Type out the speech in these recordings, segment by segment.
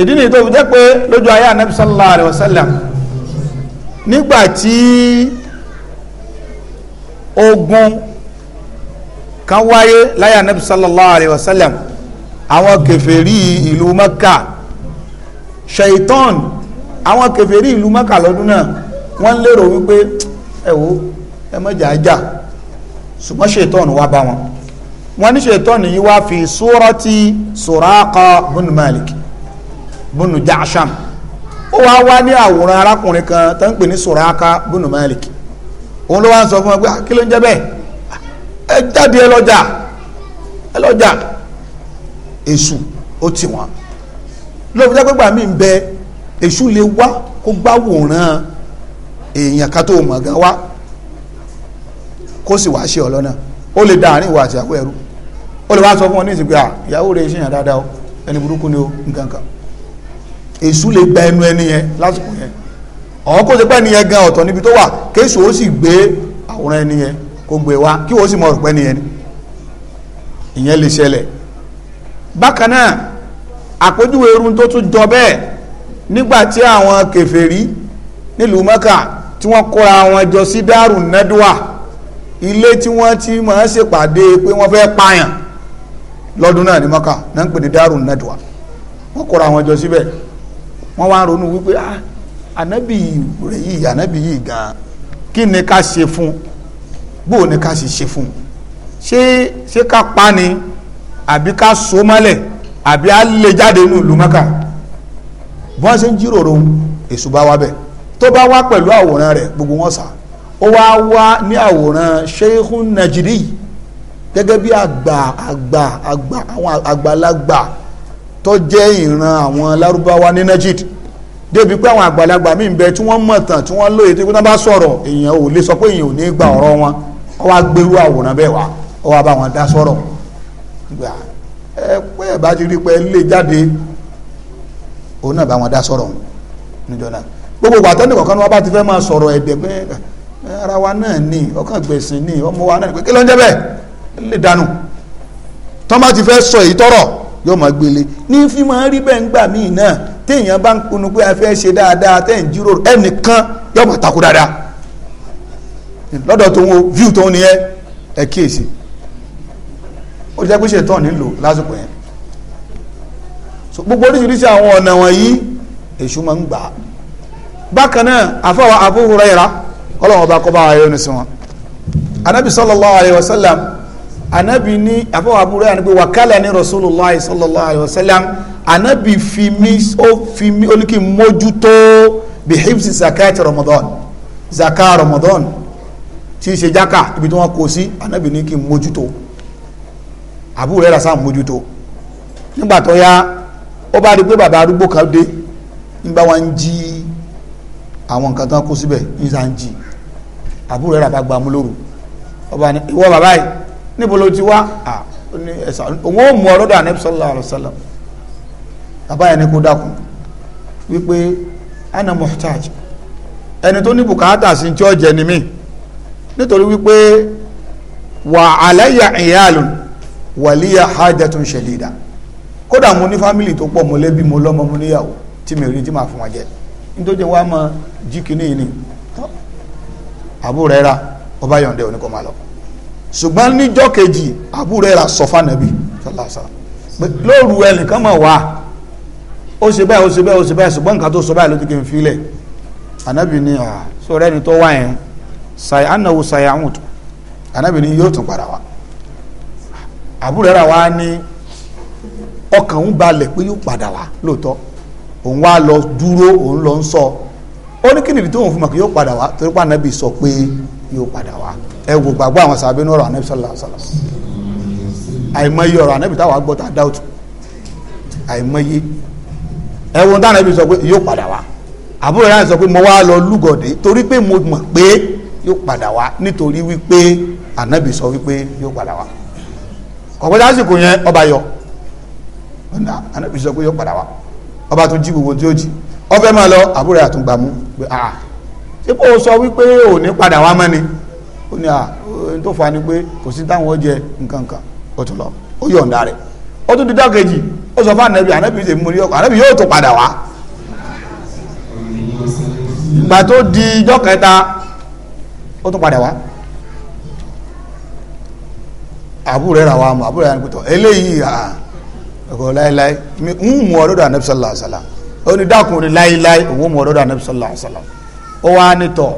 ìdí ni tó fi jẹ́ pé lójú ayé anabi sallallahu alayhi wa sallam nígbà tí ogun kan wáyé láyé anabi sallallahu alayhi wa sallam àwọn kèfèrí ìlú mẹ́kà shaitan àwọn kèfèrí ìlú mẹ́kà lọ́dún náà wọ́n lérò wípé ẹ ẹ mọ́jà ajá ṣùgbọ́n shaitan wá bá wọn wọ́n ní shaitan yìí wá fi surati Suraqa bin Malik bunu jaasham ó wá wá ní àwòrán arákùnrin kan tó ń pè ní sùràkà bùnú malik òun ló wá ń sọ fún wọn pé ah, kí ló ń ah, ẹ jáde ẹ lọ́jà èṣù ó tì wọ́n lóòótọ́ jẹ́ pé gbà mí ń bẹ èṣù lè wá kó gbá èèyàn ká tó mọ̀ gan wá kó sì wá ṣe ó lè àti ẹrú ó lè ọ ní ìsìnkú à ah, ìyàwó rẹ ṣèyàn èṣù lè gba ẹnu ẹni yẹn lásìkò yẹn ọ̀hún kó ṣe pé ẹni yẹn gan ọ̀tọ̀ níbi tó wà kéṣù ó sì gbé àwòrán ẹni yẹn kó gbé wá kí wọ́n sì mọ̀ rògbẹ́ ẹni yẹn ni ìyẹn lè ṣẹlẹ̀ bákan náà àpèjúwe irun tó tún jọ bẹ́ẹ̀ nígbà tí àwọn kèfèrí nílùú Mẹ́kà tí wọ́n kóra wọn jọ sí dárù nẹ́dùwà ilé tí wọ́n ti máa ṣèpàdé pé wọ́n fẹ́ pààyàn lọ́dún náà ní Mẹ́kà náà ń pè ní dárù nẹ́dùwà wọ́n kóra wọn jọ síbẹ̀ wọ́n wá ronú wípé ah ànábì rẹ̀ yìí ànábì yìí gan kí ni ká ṣe fún bó ni ká ṣe ṣe fún ṣé ṣé ká pa ni àbí ká so mọ́lẹ̀ àbí á lè e jáde nínú ìlú mẹ́ka bọ́n ṣe ń jíròrò èṣù bá wá bẹ̀ tó bá wá pẹ̀lú àwòrán rẹ̀ gbogbo wọn sà ó wá wá ní àwòrán Sheikhun Najdi gẹ́gẹ́ bí àgbà àgbà àgbà àwọn àgbàlagbà. Àgbà, àgbà, àgbà tó jẹ́ ìran àwọn lárúbáwá ní Najid débi pé àwọn àgbàlagbà míì ń bẹ tí wọ́n mọ̀ tán tí wọ́n lóye tí wọ́n bá sọ̀rọ̀ èèyàn ò lè sọ pé èèyàn ò ní gba ọ̀rọ̀ wọn ọ wá gbèrú àwòrán bẹ́ẹ̀ wá ó wá bá wọn dá sọ̀rọ̀ ẹ pé ẹ bá ti rí pé lè jáde òun náà bá wọn dá sọ̀rọ̀ níjọ náà gbogbo àtẹ́nì kọ̀ọ̀kan ni wọ́n bá ti fẹ́ máa sọ̀rọ̀ ẹ̀dẹ̀ pé ara wa náà ni ọkàn gbèsè ni ọmọ wa náà ni pé kí ló ń yóò máa gbélé ní fi rí bẹ́ẹ̀ ń gbà míì náà téèyàn bá ń pinnu pé a fẹ́ ṣe dáadáa tẹ́ jíròrò ẹnìkan yóò máa takò dáadáa lọ́dọ̀ tó ń wo view tó ń nìyẹn ẹ kíyèsí ó jẹ́ pé ṣètọ́ nílò lásìkò yẹn so gbogbo oríṣiríṣi àwọn ọ̀nà wọ̀nyí èṣù máa ń gbà á bákan náà àfọwọ́ kọ́ bá wa ní sí wọn anábì anabi ní àfọwọ́ àbúrò yà ni pé wàkálà ní rasulullah sallallahu alayhi wa sallam anabi fi mi ó fi mi olùkí mójútó bí hibsi zakat ramadan zakat ramadan tí í ṣe jaka ibi tí wọ́n kó sí anabi ní kí n mójútó àbúrò yà sá mójútó nígbà tó yá ó bá rí pé bàbá arúgbó kan dé nígbà ń jí àwọn nǹkan tán kó síbẹ̀ ń ń jí àbúrò yà bá gbàmú lóru ọba ni ìwọ bàbá yìí níbo ló ti wá òun ó mú ọ lọ́dọ̀ ànábì sallallahu alaihi wasallam bàbá yẹn ni kó dákun wípé ana muhtaj ẹni tó ní bùkátà sí tí ó jẹ ni mí nítorí wípé wà alayya iyalun wàlíyà hajjatun shadida kódà mo ní fámìlì tó pọ̀ mo lẹ́bí mo lọ́mọ mo níyàwó tí mi rí tí màá fún wa jẹ nítorí wàá mọ jí kínní yìí ni àbúrẹ́ra ọba yọ̀ǹde oníkọ́ máa lọ. ṣùgbọ́n níjọ́ kejì àbúrò ẹ̀rà sọ fánàbí sọlásà lóru ẹnìkan mọ̀ wá ó ṣe báyìí ó ṣe báyìí ó ṣe báyìí ṣùgbọ́n nǹkan tó sọ báyìí ló ti kí n filẹ̀ ànábì ni sọ̀rọ̀ ẹni tó wá yẹn ànáwó àwọn tó ànábì ni yóò tún padà wá àbúrò ẹ̀rà wá ní ọkàn ń balẹ̀ pé yóò padà wá lóòótọ́ òun wá lọ dúró òun lọ ń sọ ó ní kí nìdí ẹ wò gbàgbọ́ àwọn sàbẹ̀ ní ọ̀rọ̀ anabi sallallahu alaihi wasallam àìmọye ọ̀rọ̀ anabi táwa gbọ́ tá a dá òtù àìmọye ẹ wo dáná ibi sọ pé yóò padà wá àbúrò yẹn sọ pé mo wá lọ lúgọ̀dé torí pé mo mọ̀ pé yóò padà wá nítorí wípé anabi sọ wípé yóò padà wá kọ̀pẹ́tà àsìkò yẹn ọba yọ ọ̀nà anabi sọ pé yóò padà wá ọba tó jí gbogbo tí ó jí ọfẹ́ máa lọ àbúrò yẹn àtúngbàmú pé ah ṣé kò sọ wípé òní padà wá mọ́ ni ó ní à ń tó fa ni pé kò sí táwọn jẹ nǹkan ó tún lọ ó yọ̀ǹda rẹ̀ ó tún dídá kejì ó sọ fún ànábì ànábì ṣe mú ní ọkọ ànábì yóò tún padà wá. ìgbà tó di ijọ́ kẹta ó tún padà wá àbúrò rẹ̀ rà wá àbúrò rẹ̀ rà eléyìí ọkọ̀ láéláé ń mú ọ lọ́dọ̀ ànábì sallallahu ó ní dákun láéláé òun mú ọ lọ́dọ̀ ànábì sallallahu ó wá nítọ̀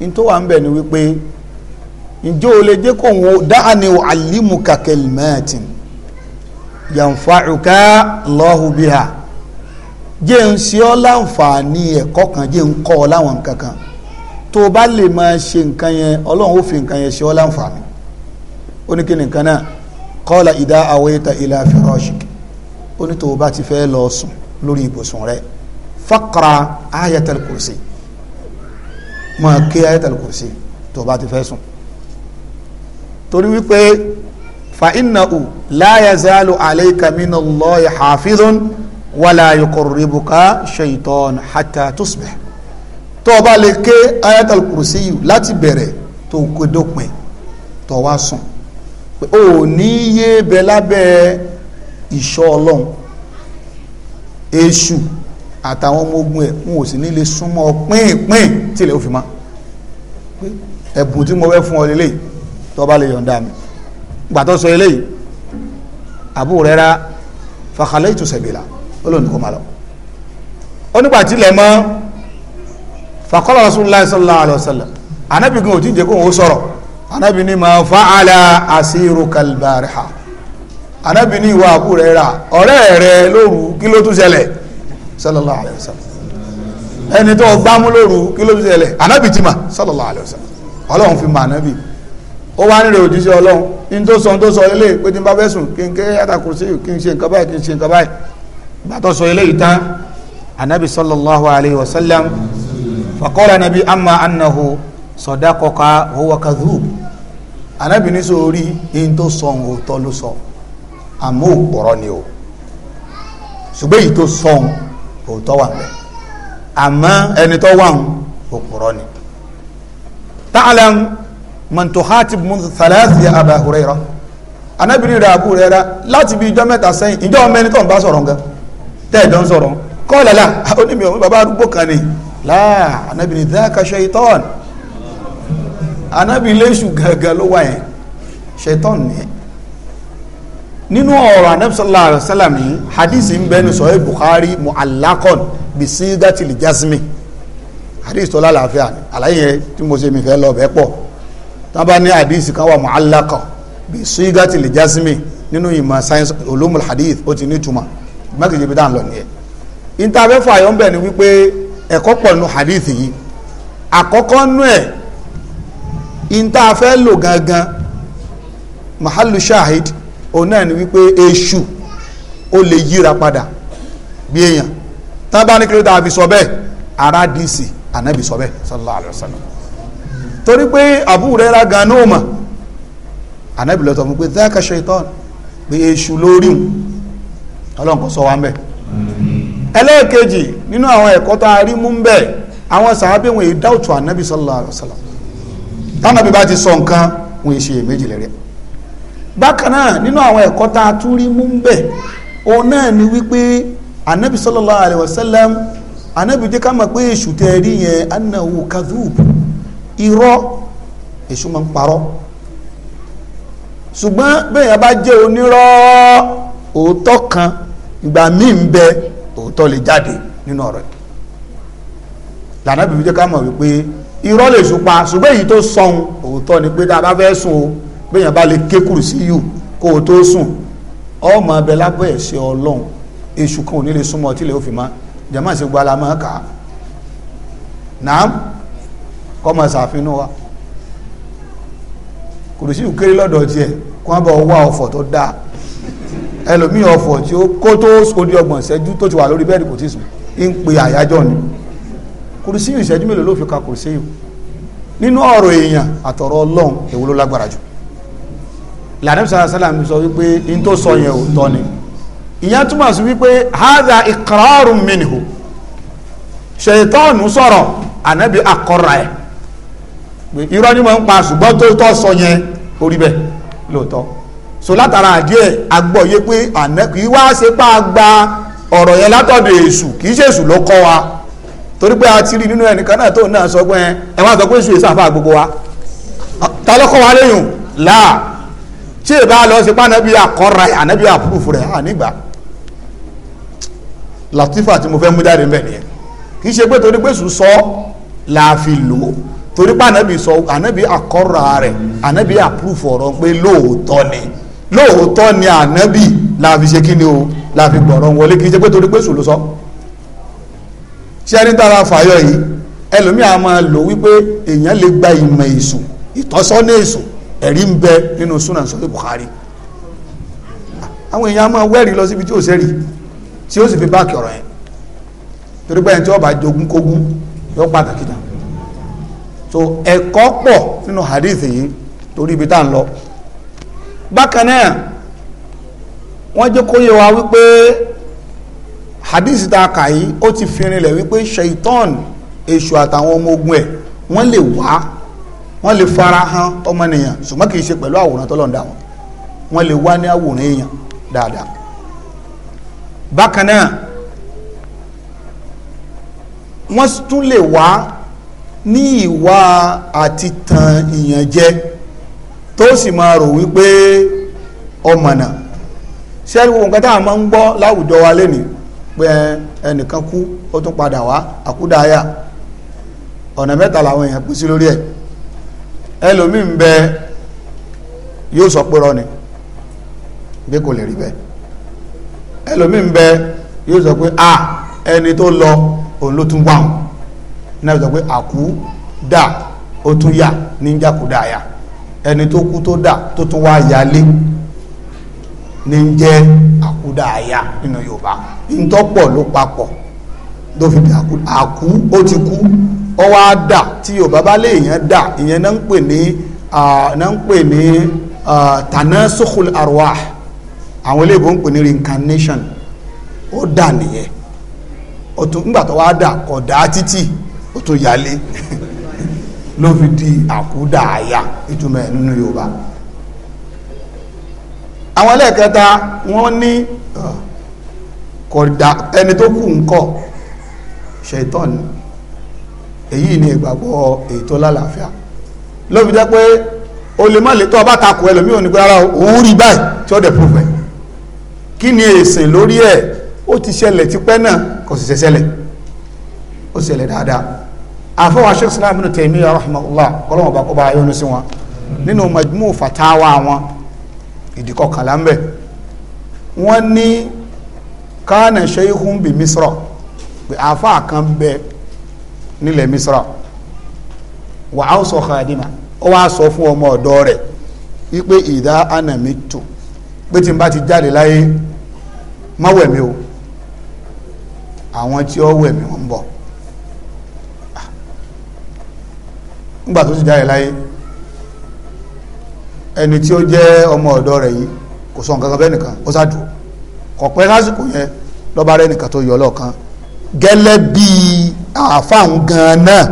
in tó wà ń bẹ̀ ni wípé ǹjẹ́ o lè jẹ́ kóun dáhàní o alimuka kalimatin yanfa'uka Allahu biha jẹ́ ń ṣe ọ́ láǹfààní ẹ̀kọ́ kan jẹ́ ń kọ́ ọ láwọn nǹkan kan tó o bá lè máa ṣe nǹkan yẹn ọlọ́run ó fi nǹkan yẹn ṣe ọ́ láǹfààní ó nǹkan náà kọ́ọ̀lá ìdá àwẹ́ta ila firashik ó ní tó o bá ti fẹ́ lọ sùn lórí ibùsùn rẹ faqra ayatul kursi máa ké ayatul kursi tó bá ti fẹ́ sùn torí wípé fa innahu la yazalu alayka minallahi hafizun wala yuqarribuka shaytan hatta tusbih tó bá lè ké ayatul kursi yìí láti bẹ̀rẹ̀ tó kó dópin tó wá sùn pé ní yé bẹ lábẹ́ ìṣọ́ ọlọ́run èṣù àtàwọn ọmọ ogun ẹ̀ ń ò sì nílé súnmọ́ pínpín tílẹ̀ ó fi mọ́ ẹ̀bùn tí mo fẹ́ fún ọ lélẹ̀ tó bá lè yọ̀ǹda mi gbà sọ eléyìí Abu Huraira fàkàlẹ́ ìtúsẹ̀bìlà ó lóun kò má lọ ó nígbà tílẹ̀ mọ́ fàkọ́lọ̀ Rasulullah sallallahu alaihi wasallam anábì gan ò tí ń jẹ́ kó òun sọ̀rọ̀ anábì ní ma fa'ala asirukal bariha anábì ní ìwà Abu Huraira ọ̀rẹ́ rẹ lóru kí ló tún ṣẹlẹ̀ sallallahu alayhi wa sallam ẹni tó gbámú lóru kí ló fi ṣẹlẹ̀ anabi ti ma sallallahu alayhi wa sallam ọlọ́run fi ma anabi ó wá nílò òjíṣẹ́ ọlọ́run ní tó sọ tó sọ ilé pé tí n bá fẹ́ sùn kí n ké àtàkùn sí kí n ṣe nǹkan báyìí kí n ṣe nǹkan báyìí bá sọ ilé yìí tán anabi sallallahu alayhi wa sallam anabi amma annahu sadaqaka huwa kadhub anabi ní sórí in tó sọ òótọ́ ló sọ àmọ́ òpùrọ́ ni o ṣùgbọ́n èyí tó sọ òun òótọ́ wà bẹ́ẹ̀ àmọ́ ẹni tó wà ń òpùrọ́ ni ta'lam man tuhatib mun thalathi ya Aba Hurairah anábìrin rẹ̀ Abu Hurairah láti bí ijọ́ mẹ́ta sẹ́yìn ìjọ ọmọ ẹni tó ń bá sọ̀rọ̀ nǹkan tẹ́ ẹ̀jọ́ ń sọ̀rọ̀ kọ́ọ̀lẹ́lá onímọ̀ ọmọ bàbá arúgbó kan ni láà anábìrin dhaka shaytan anábìrin léṣù gàgà ló wà yẹn shaytan ni nínú ọ̀rọ̀ anabi sallallahu alayhi wa sallam yìí hadith ń bẹnu sọ̀rọ̀ bukhari mu'allakon bí sígátìlì jasmi hadith tó lálàáfíà ni àlàyé tí mo ṣe mi fẹ́ lọ bẹ́ẹ̀ pọ̀ tá a bá ní hadith kan wà mu'allakon bí sígátìlì jasmi nínú ìmọ̀ science olómùl hadith ó ti ní túmọ̀ mẹ́kìjì bí dáhùn lọ nìyẹn ìtafẹ́fọ́ àyọ̀ ń bẹ̀ ni wípé ẹ̀kọ́ pọ̀ nínú hadith yìí àkọ́kọ́ nú ẹ̀ ìtafẹ́ lò gangan mahalu shahid òun náà ni wípé èṣù ó lè yíra padà bí èèyàn tán bá ní kí ló fi sọ bẹ́ẹ̀ ara dìísì ànábì sọ bẹ́ẹ̀ wa torí pé àbúrò ra gan náà mọ̀ ànábì lọ́tọ̀ mú pé dáka ṣetán pé èṣù lórí òun ọlọ́run sọ wá ń ẹlẹ́ẹ̀kejì nínú àwọn ẹ̀kọ́ tó a rí mú àwọn wọn èyí ànábì ti sọ nǹkan wọn bákan nínú àwọn ẹ̀kọ́ tá a tún rí mú ni wípé anabi sallallahu alayhi anabi jẹ́ ká mọ̀ pé èṣù tẹ́ rí yẹn anahu kadhub irọ́ èṣù máa ń ṣùgbọ́n bẹ́ẹ̀ bá jẹ́ onírọ́ òótọ́ kan ìgbà míì ń bẹ òótọ́ lè jáde nínú ọ̀rọ̀ lànà bìbí jẹ́ ká mọ̀ wípé irọ́ lè ṣùpa ṣùgbọ́n èyí tó sọ̀hún òótọ́ ni pé bẹ́yàn bá lè ké kùrùsí yù kó o tó sùn ọmọ abẹ lábẹ́ ẹ̀ṣẹ̀ ọlọ́run èṣù kan ò ní lè súnmọ́ tí lè ó fi má jẹ́mọ́ sí gbala mọ́ ká náà kọ́mọ sàfihàn wa kùrùsí yù kéré lọ́dọ̀ tiẹ̀ kó wọ́n bá wá ọ̀fọ̀ tó dáa ẹlòmíì ọ̀fọ̀ tí ó kó tó odi ọgbọ̀n ìṣẹ́jú tó ti wà lórí bẹ́ẹ̀dì kò tí sùn ń pe àyájọ́ ni kùrùsí yù ìṣẹ́jú mélòó ló fi ka kùrùsí yù nínú ọ̀rọ̀ èèyàn àtọ̀rọ̀ ọlọ́run èwo ló lágbára jù lànà bisala sálàm sọ wípé n tó sọ yẹn ò tọ́ ni ìyẹn túmọ̀ sí wípé hadha iqrarun minhu ṣètọ́ọ̀nù sọ̀rọ̀ ànábi akọ́ra ẹ̀ pé irọ́ ni mo ń pa ṣùgbọ́n tó tọ́ sọ yẹn orí bẹ́ẹ̀ lóòótọ́ so látara àdíẹ̀ agbọ́yé pé àná kì í wá ṣe pa gba ọ̀rọ̀ yẹn látọ̀dọ̀ èṣù kì í ṣe èṣù ló kọ́ wa torí pé a ti rí nínú ẹnìkan náà tó náà sọ pé ẹ wá sọ pé èṣù èṣù àfa gbogbo wa ta ló kọ́ wa léyìn láà tí èbá lọ sí pa ànábì àkọ́ra ẹ̀ ànábì àpúrùfù rẹ̀ ànígbà latifa tí mo fẹ́ mú jáde mbẹ̀ nìyẹn kì í ṣe pé torí pé sùn sọ la fi lò ó torí pé anabi sọ ànábì àkọ́ra rẹ̀ ànábì àpúrùfù ọ̀rọ̀ pé lóòótọ́ ni lóòótọ́ ni ànábì la fi ṣe kí ni o la fi gbọ̀rọ̀ wọlé kì í ṣe pé torí pé sùn ló sọ ṣé ẹni tára fàyọ yìí ẹlòmíà máa lò wípé èèyàn lè gba ìmọ̀ èṣù ìtọ́sọ́nà èṣù ẹ̀rí ń bẹ nínú sunan sọ́dọ̀ Buhari. àwọn èèyàn máa wẹ́rì lọ síbi tí ò sẹ́rì tí ó sì fi báàkì ọ̀rọ̀ yẹn torí pé ẹni tí ó bá jogún kógún yóò pàtàkì náà so ẹ̀kọ́ pọ̀ nínú hadith yìí torí ibi tá à ń lọ bákan náà wọ́n jẹ́ kó yé wa wípé hadith tá a kà yìí ó ti fi rinlẹ̀ wípé shaitan èṣù àtàwọn ọmọ ogun ẹ̀ wọ́n lè wá wọ́n lè fara hàn ọmọnìyàn ṣùgbọ́n kì í ṣe pẹ̀lú àwòrán tọ́lọ́run wọ́n lè wá ní àwòrán èèyàn dáadáa bákan náà wọ́n tún lè wá ní ìwà àti tan ìyàn tó sì máa rò wípé ọmọnà wo nǹkan a máa ń gbọ́ láwùjọ wa pé ẹnìkan kú ó tún padà wá ọ̀nà mẹ́ta làwọn èèyàn ẹlòmí ń bẹ yóò sọ pé rọ ni bí kò lè rí bẹ ẹlòmí ń bẹ yóò sọ pé a ẹni tó lọ òun ló tún wáhùn náà sọ pé àkú dà ó tún yà yà ẹni tó kú tó dà tó tún wá yálé ní àkúdà àyà nínú Yorùbá ló ló fi àkú ó ti kú ọ wá dà tí yorùbá bá lè yàn dà ìyẹn náà ń pè ní náà ń pè ní tanasukhul arwah àwọn eléèbó ń pè ní reincarnation ó dà nìyẹn ó tún nígbà tó wá dà ọ̀dà títì ó tún yálé ló fi di àkúdà àyà ìtumọ̀ ẹ̀ nínú yorùbá àwọn ẹlẹ́ẹ̀kẹta wọ́n ní kódà ẹni tó kù ń kọ́ ṣètọ́ni èyí ni ìgbàgbọ́ ètò lálàáfíà ló fi jẹ́ pé o lè má lè tọ́ ọba takò ẹlòmíì ò ní pé rárá òun rí báyìí tí ó dẹ̀ proof ẹ̀ kí ni èsìn lórí ẹ̀ ó ti ṣẹlẹ̀ tipẹ́ náà kò sì ṣẹlẹ̀ ó ṣẹlẹ̀ dáadáa àfọwọ́ Sheikh Islam Ibn Taymiyyah rahimahullah kọ́lọ́mọ̀ bá kọ́ bá yọ́nu sí wọn nínú majmu fatawa wọn ìdíkọ̀ kàlá ń bẹ̀ wọ́n ní kánà shaykhun bí misra pé àfáà kan nílẹ̀ misra wà á sọ khadima ó wá sọ fún ọmọ ọ̀dọ́ rẹ̀ wípé ìdá anamitu pé tí n bá ti jáde láyé má wẹ̀mí o àwọn tí ó wẹ̀mí wọn ń bọ̀ ah. nígbà tó ti jáde láyé ẹni tí ó jẹ́ ọmọ ọ̀dọ́ rẹ̀ yìí kò sọ nǹkan kan bẹ́ẹ̀ nìkan ó ṣáàdù kọ̀pẹ́ lásìkò yẹn lọ́ba rẹ̀ nìkan tó yọ lọ́ọ̀kan gẹ́lẹ́ bíi àfáàwọn gan-an náà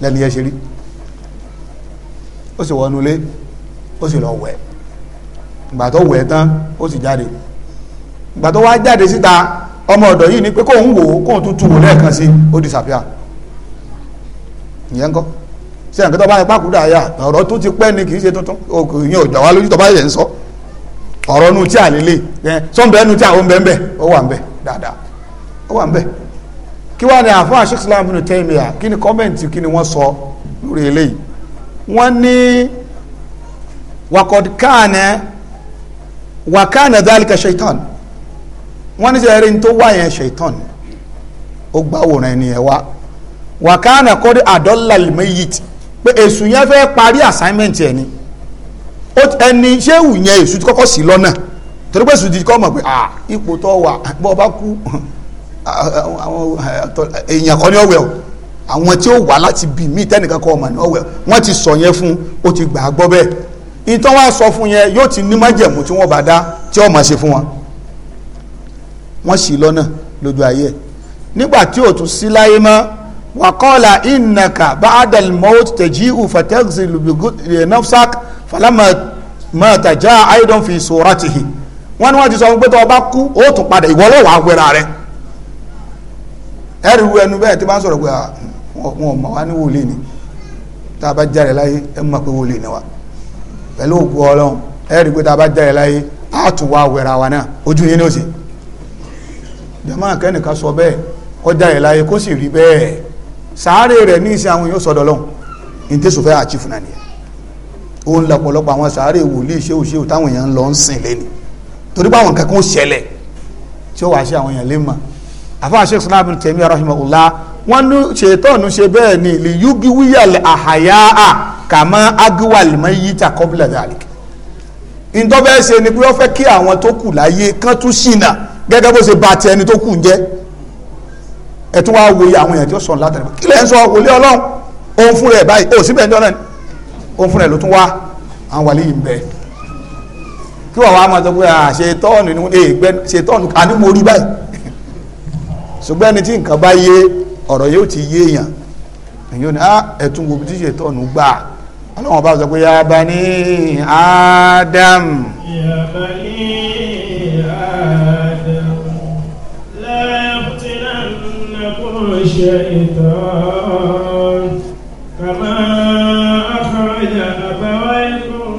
lẹ́nu yẹn ṣe rí ó sì wọnú ilé ó sì lọ wẹ̀ ìgbà tó wẹ̀ tán ó sì jáde ìgbà tó wá jáde síta ọmọ ọ̀dọ̀ yìí ni pé kóun wò ó kóun tún tu wò lẹ́ẹ̀kan sí ó disappear ìyẹn ń kọ́ ṣe àǹkẹ́ tó bá yẹn pàkúdà yà ọ̀rọ̀ tó ti pẹ́ ni kì í ṣe tuntun ìyẹn ò dà wá lójú tó bá yẹ ń sọ ọ̀rọ̀ nu tí a lè lè sọ́nbẹ́ẹ́nu tí àwọn ń bẹ́ẹ̀ ó wà ń bẹ́ẹ̀ dáadáa ó wà ń bẹ́ẹ̀ kí wàá ní àfáà Sheikh Islam ibn Taymiyyah kí ni kọ́mẹ̀ntì kí ni wọ́n sọ lórí eléyìí wọ́n ní wakọ̀d káànẹ wàkáànẹ dhalika shaitan wọ́n ní sẹ́yìn tó wá yẹn shaitan ó gbáwòrán ẹni ẹ̀ wá wàkáànẹ kọ́dí àdọ́là lìmẹ́yìtì pé èṣù yẹn fẹ́ parí assignment ẹni ẹni ṣéwù yẹn èṣù ti kọ́kọ́ sí lọ́nà torí pé èṣù ti kọ́ mọ̀ pé ipò tó wà bọ́ ọ bá kú àwọn èèyàn kan ní ọ̀wẹ̀ o àwọn tí ó wà láti bì mí tẹ́nìkan kọ́ ọmọ ní ọ̀wẹ̀ wọ́n ti sọ yẹn fún ó ti gbà á gbọ́ bẹ́ẹ̀ ìtàn wa sọ fún yẹn yóò ti ní májẹ̀mú tí wọ́n bá dá tí ó máa ṣe fún wọn wọ́n sì lọ́nà lójú ayé ẹ̀ nígbà tí ò tún sí láyé mọ́ wàkọ́ọ̀là ìnàkà bá adal mọ́t tẹ̀jí ufatex nafsak falamata já aidan fi sòrátìhì wọ́n ní wọ́n ti sọ pé tó o bá kú ó tún padà ìwọ ló wà á wẹ̀ra rẹ̀ ẹ̀rù wu ẹnu bẹ́ẹ̀ tí wọ́n sọ̀rọ̀ pé ah, wọn ò mọ̀ wá ní wòlé ni tá a bá jáde láyé ẹ mọ̀ pé wòlé ni wa pẹ̀lú òkú ọlọ́run ẹ̀rù pé tá a bá jáde láyé á tún wá wẹ̀ra wa náà ojú yín ní òsì jama kẹ́nìkan sọ bẹ́ẹ̀ kọjá yẹn láyé kó sì rí bẹ́ẹ̀ sàárè rẹ̀ ní ìsìn àwọn èèyàn sọ̀dọ̀ lọ́hùn ní tẹ̀sùn fẹ́ àchífù náà nìyẹn ó ń lọ́pọ̀lọpọ̀ àwọn sàárè wòlíì ṣéwù ṣéwù táwọn èèyàn ń lọ ń sìn lẹ́nu torí pé kankan ó ṣẹlẹ̀ tí ó wàá ṣe àwọn èèyàn lé mọ̀ àfáà sheikh islam ibn taymiyyah rahimahullah wọ́n ní ṣètọ́nù ṣe bẹ́ẹ̀ ni lè yúgi wíyàlẹ̀ àhàyáà kàmọ́ agiwalìmọ́ yìí ta kọ́bílẹ̀ dàlík ìtọ́ bẹ́ẹ̀ ṣe ni pé wọ́n fẹ́ kí àwọn tó kù láyé kán tún ṣìnà gẹ́gẹ́ bó ṣe ba ti ẹni tó kù ń jẹ́ ẹ̀ tún wáá wòye àwọn èèyàn tí ó sọ̀rọ̀ látàrí kí lẹ́ ń sọ wòlé ọlọ́run òun fún rẹ̀ báyìí ó síbẹ̀ ńjọ́ náà òun fún rẹ̀ ló tún wá àwọn wàlẹ́ yìí ń bẹ kí wọ́n wá máa sọ pé ṣètọ́nù ni ṣètọ́nù àní mo rí báyìí ṣùgbọ́n ẹni tí nǹkan bá yé ọ̀rọ̀ yóò ti yé èèyàn èyí ò ní ah, ẹ̀tún wo bí tíṣe tọ̀nù gbà ọlọ́wọ́n bá sọ pé ya bani Adam. ya bani Adam la yaftinannakum shaytan kama akhraja abawaykum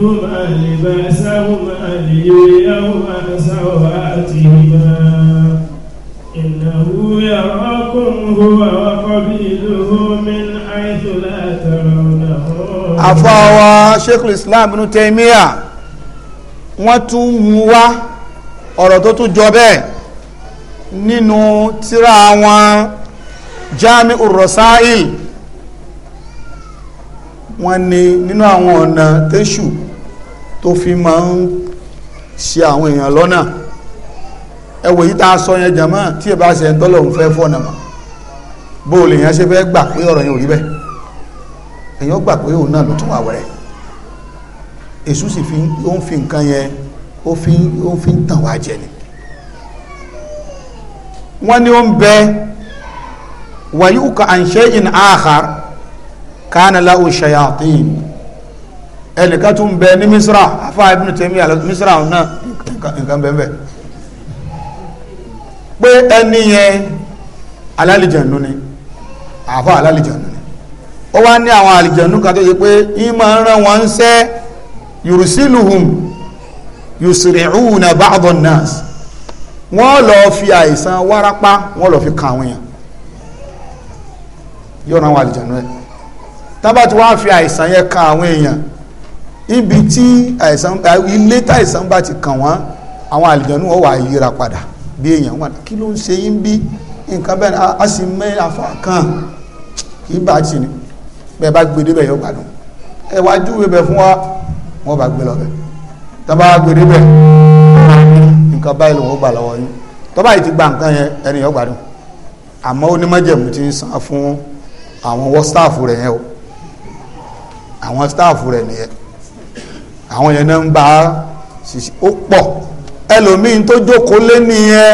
منهم أن بأسهم أن يريهم سواتهما إنه يراكم هو وقبيله من حيث لا ترونه àfọwọ́ Sheikhul Islam Ibn Taymiyyah wọ́n tún mú wá ọ̀rọ̀ tó tún jọ bẹ́ẹ̀ nínú tírà wọn Jami'ur Rasail wọ́n ní nínú àwọn ọ̀nà tẹ́ṣù tó fi máa ń ṣe àwọn èèyàn lọ́nà ẹwẹ̀ yìí tá a sọ yẹn jàmọ́ tí ẹ bá ṣe ń tọ́lọ̀ ń fẹ́ fọ́nà mọ́ bó o lè yẹn ṣe fẹ́ gbà pé ọ̀rọ̀ yẹn ò rí bẹ́ẹ̀ èèyàn gbà pé òun náà ló tún wà wẹ̀rẹ̀ èṣù sì fi ó ń fi nǹkan yẹn ó fi ó fi ń tàn wá jẹ ni wọ́n ní ó ń bẹ wàyí àǹṣẹ́yìn àhàr kánà láwù ṣayatin ẹnìkan tún bẹ ní misra afa ibn Taymiyyah misra náà nǹkan bẹ́ẹ̀ bẹ́ẹ̀ pé ẹni yẹn alálìjẹ̀nu ni àfa alálìjẹ̀nu ni ó wá ní àwọn àlìjẹ̀nu kan tó yẹ pé ìmọ̀ ń rán wọn ń sẹ́ yurusiluhum yusri'una ba'd lọ fi àìsàn wárápá wọ́n lọ fi kàn àwọn yóò rán àwọn àlìjẹ̀nu ẹ̀ tábà tí wọ́n á fi àìsàn yẹn kan àwọn èèyàn ibi tí àìsàn ilé táìsàn bá ti kàn wọ́n àwọn àlìjọ́nù wọ́n wà á yíra padà bí èèyàn wọn kí ló ń ṣe yín bí nǹkan bẹ́ẹ̀ a sì mẹ́ afa kan kì í bá tì ní bẹ́ẹ̀ bá gbé débẹ̀ yóò gbádùn ẹ wá júwe bẹ̀ fún wa wọ́n bá gbé lọ bẹ̀ tábà gbé débẹ̀ nǹkan báyìí lòun ó gbà lọ́wọ́ yín tọ́ba yìí ti gba nǹkan yẹn ẹni yóò gbádùn àmọ́ onímọ̀jẹ̀mú ti ń san fún àwọn wọ́stáàfù rẹ̀ yẹn o àwọn stáàfù rẹ̀ nìyẹn àwọn yẹn náà ń bá ṣiṣẹ́ ó pọ̀ ẹlòmíín tó jókòó lé nìyẹn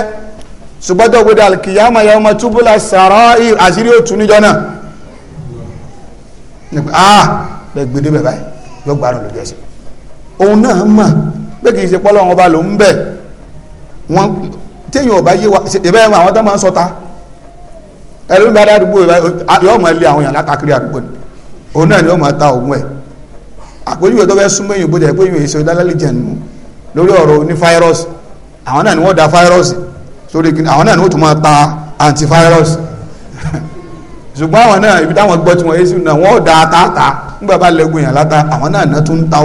ṣùgbọ́n tó gbé alkiyama ya ọmọ túbúlà sàrọ́ àṣírí òtún níjọ náà nípa ah bẹ́ẹ̀ gbé débẹ̀ báyìí yóò gbárùn lójú ẹsẹ̀ òun náà mọ̀ pé kì í ṣe pọ́lọ́ wọn bá ló ń bẹ̀ wọn téèyàn ò yé wa ìbẹ́ àwọn tó máa ń sọta ẹlòmíín bá dá àdúgbò yóò mọ̀ ẹ́ lé àwọn yàrá káàkiri àdúgbò ni òun náà ni ó máa ta òun ẹ̀ àpèjúwe tó fẹ́ súnmọ́ èyàn bóde pé èyàn èso ìdálálì jẹ̀nu lórí ọ̀rọ̀ oní fáírọ́ọ̀sì àwọn náà ni wọ́n da fáírọ́ọ̀sì sórí kìnnì àwọn náà ni wọ́n tún máa ta antivirus ṣùgbọ́n àwọn náà ibi táwọn gbọ́ tí wọ́n yé sí náà wọ́n da àtàtà nígbà bá lẹ́gùn yàn láta àwọn náà náà tún ta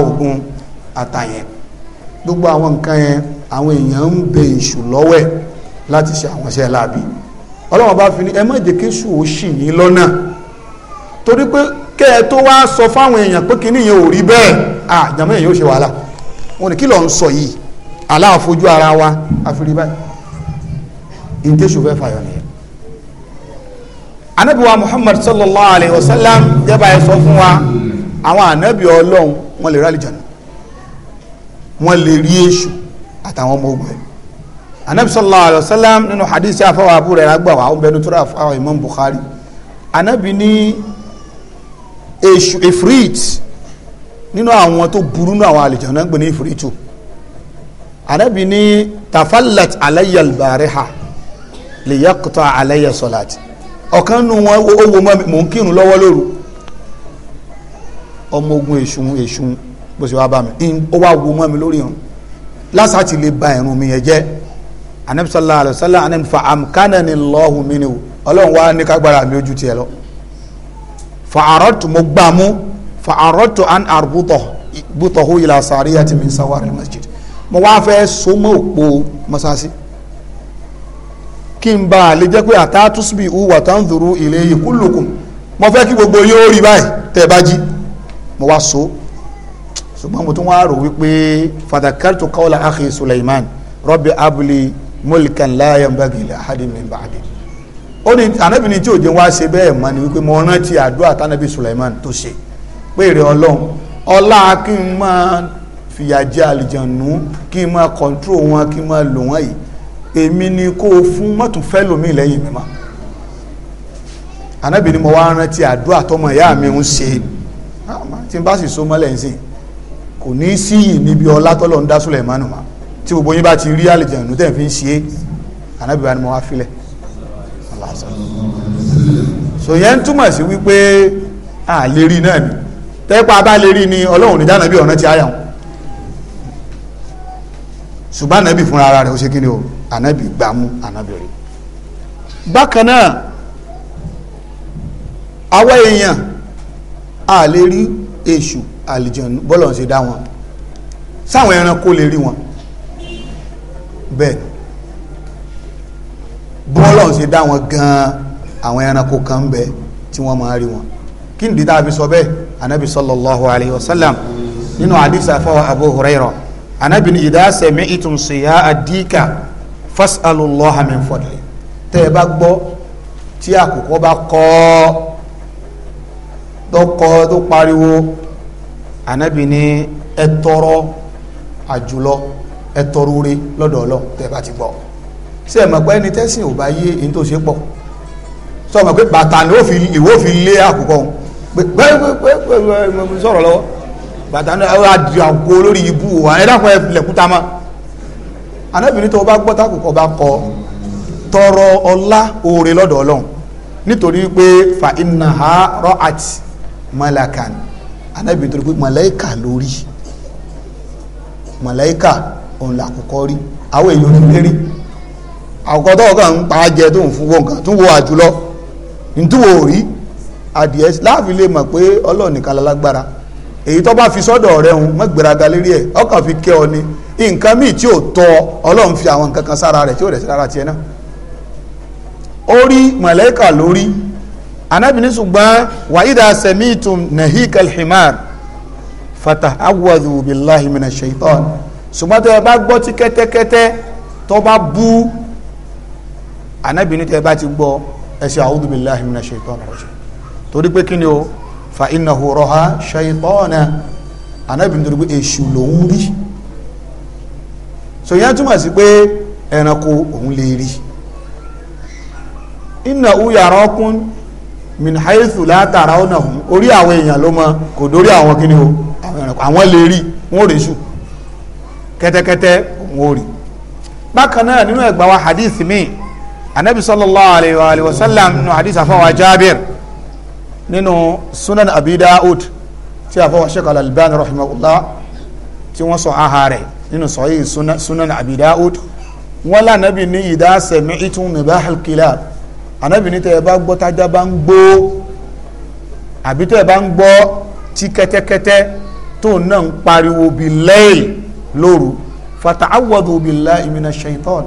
àtàyẹn gbogbo àwọn nǹkan yẹn àwọn èèyàn ń bẹ láti ṣe àwọn iṣẹ́ ọlọ́run bá ẹ má jẹ́ ó ṣì yín lọ́nà torí kẹ́ ẹ tó wá sọ fáwọn èèyàn pé kíní yẹn ò rí bẹ́ẹ̀ à jàmọ́ èèyàn ó ṣe wàhálà wọn ni kí ló ń sọ yìí aláàfojú ara wa àfìrí báyìí ìdíṣù fẹ́ fàyọ nìyẹn. anabi wa muhammad sallallahu alayhi wa sallam jẹba ẹ sọ fún wa àwọn anabi ọlọ́run wọn lè rálì jọ̀nà wọn lè rí èṣù àtàwọn ọmọ ogun ẹ̀ anabi sallallahu alayhi wa sallam nínú hadith afọwọ́ abúrẹ́ agbà wa ọ̀bẹ̀nu tó rà fún imam bukhari anabi ní èṣù efrit nínú àwọn tó burú nínú àwọn àlejò náà ń pè ní efritu ànábì ní tafalat alayya albariha lè yàkùtà alayya sọláàtì ọ̀kan nù wọn ó wo mò ń kírun lọ́wọ́ lóru ọmọ ogun èṣù èṣù bó ṣe wá bá mi ó wá wo mọ́ mi lórí irun lásàtì lè ba irun mi yẹn jẹ́ anabi sallam anabi amkanani lọ́hùn mi ni o ọlọ́run wá ní kágbára mi ojú tiẹ̀ lọ fàárọ̀tù mo gbà mú fàárọ̀tù an àrùbùtọ̀ bùtọ̀hu ìlà sàríyà ti mi sáwárì masjid mo wá fẹ́ so mọ́ òpó masasi kí n bá a lè jẹ́ pé àtàtúsbì hu wà tán dùrú ilé yìí kúlùkùn mo fẹ́ kí gbogbo yín ó rí báyìí tẹ́ ẹ bá jí mo wá so ṣùgbọ́n mo tún wá rò wípé fàdàkàtù kọ́ọ̀lá akhi Sulaiman rabbi abli mulkan la yanbaghi li ó ní ànábì ní tí òjò wá ṣe bẹ́ẹ̀ mọ́ ni wípé mo rántí àdúrà tánábì Sulaiman tó ṣe pé èrè ọlọ́run ọlá kí n máa fìyà jẹ àlìjànú kí n máa kọ̀ǹtró wọn kí n máa lò wọ́n yìí èmi ni kó o fún mọ́tò fẹ́ lómi lẹ́yìn mi mọ́ ànábì ní mo wá rántí àdúrà tọmọ ìyá mi ń ṣe tí n bá sì so mọ́lẹ̀ ń sìn kò ní í síyì níbi ọlá tọ́lọ́ ń dá Sulaiman mọ́ tí gbogbo yín bá ti rí àlìjànú tẹ̀ fi ń ṣe é mo wá filẹ̀ sallallahu alaihi wasallam so yẹn túmọ̀ sí wípé a lè rí náà ni tẹ́pà bá lè rí ni ọlọ́run ní dáná bí ọ̀nà ti àyà wọn ṣùgbọ́n ànábì fúnra ara rẹ̀ ó ṣe kí ni o ànábì gbàmú ànábì rí bákan náà àwọn èèyàn a lè rí èṣù àlìjàn bọ́lọ̀ ń ṣe dá wọn sáwọn ẹranko lè rí wọn bẹ́ẹ̀ bọ́ọ̀lọ̀ ṣe dá wọn gan-an àwọn ẹranko kan ń bẹ tí wọ́n máa rí wọn kí nìdí tá a fi sọ bẹ́ẹ̀ anabi sallallahu alayhi wa sallam nínú hadith afọwọ́ abu hurairah anabi ni idha sami'tum siyaa ad-dika fas'alullaha min fadli tẹ́ ẹ bá gbọ́ tí àkùkọ bá kọ́ tó kọ́ tó pariwo anabi ni ẹ tọrọ àjùlọ ẹ tọrọ orí lọ́dọ̀ ọlọ́ ẹ bá ti gbọ́ ṣe é mọ̀ pé ẹni tẹ́sìn ò bá yé ẹni tó ṣe pọ̀ sọ ma pé bàtà ni ìwọ fi lé àkùkọ pẹ́ẹ́pẹ́ẹ́pẹ́ sọ̀rọ̀ lọ́wọ́ bàtà ni àwọn àdìyàkó lórí ibú wa ẹ dákun ẹ lẹ̀kúta ma anábìrin tó bá gbọ́ tákùkọ bá kọ tọrọ ọlá oore lọ́dọ̀ ọlọ́run nítorí pé fa iná ha rọ àti malakan anábìrin tó rí pé màláìkà lórí màláìkà òun làkùkọ rí àwọn èèyàn ti lérí àkọ́tọ́ kan ń pa jẹ tó ń fúnwọ́ nǹkan tó wo àjùlọ nítúwò rí adìẹ láàfin lè mọ̀ pé ọlọ́run nìkan lálágbára èyí tó bá fi sọ́dọ̀ rẹ lérí ọkàn fi ọ ni nǹkan míì tí ò tọ́ ọlọ́run fi àwọn nǹkan kan sára rẹ̀ tí ò rẹ̀ sí rárá náà ó rí lórí wàhídà tó bá gbọ́ tí kẹ́tẹ́kẹ́tẹ́ anábì ní tẹ́ bá ti gbọ́ ẹ ṣe a'udhu billahi minash shaitonir rajim torí pé kí ni o fa innahu ra'a shaytana anábì nítorí pé èṣù lòún rí so yẹn túmọ̀ sí pé ẹranko òun lè rí innahu yarakum min haythu la tarawnahum orí àwọn èèyàn ló mọ kò dórí àwọn kí ni o àwọn lè rí wọn ò rí sùn kẹ́tẹ́kẹ́tẹ́ wọn ò rí bákan náà nínú ẹgbàá wa hadith míì anabi sallallahu alayhi wa sallam nínú hadith afọwà jabir nínú sunan abi daud tí afọwà sheikh al-albani rahimahullah tí wọ́n sọ aha rẹ̀ nínú sọ̀yí sunan abi daud wọ́n lànàbì ní idha sami'tum nibahal kilab anabi ní tẹ́ ẹ bá gbọ́ tájá bá ń gbó àbí tẹ́ ẹ bá ń gbọ́ tí kẹ́tẹ́kẹ́tẹ́ pariwo bil layl lóru fata'awwadu billahi minash shaitan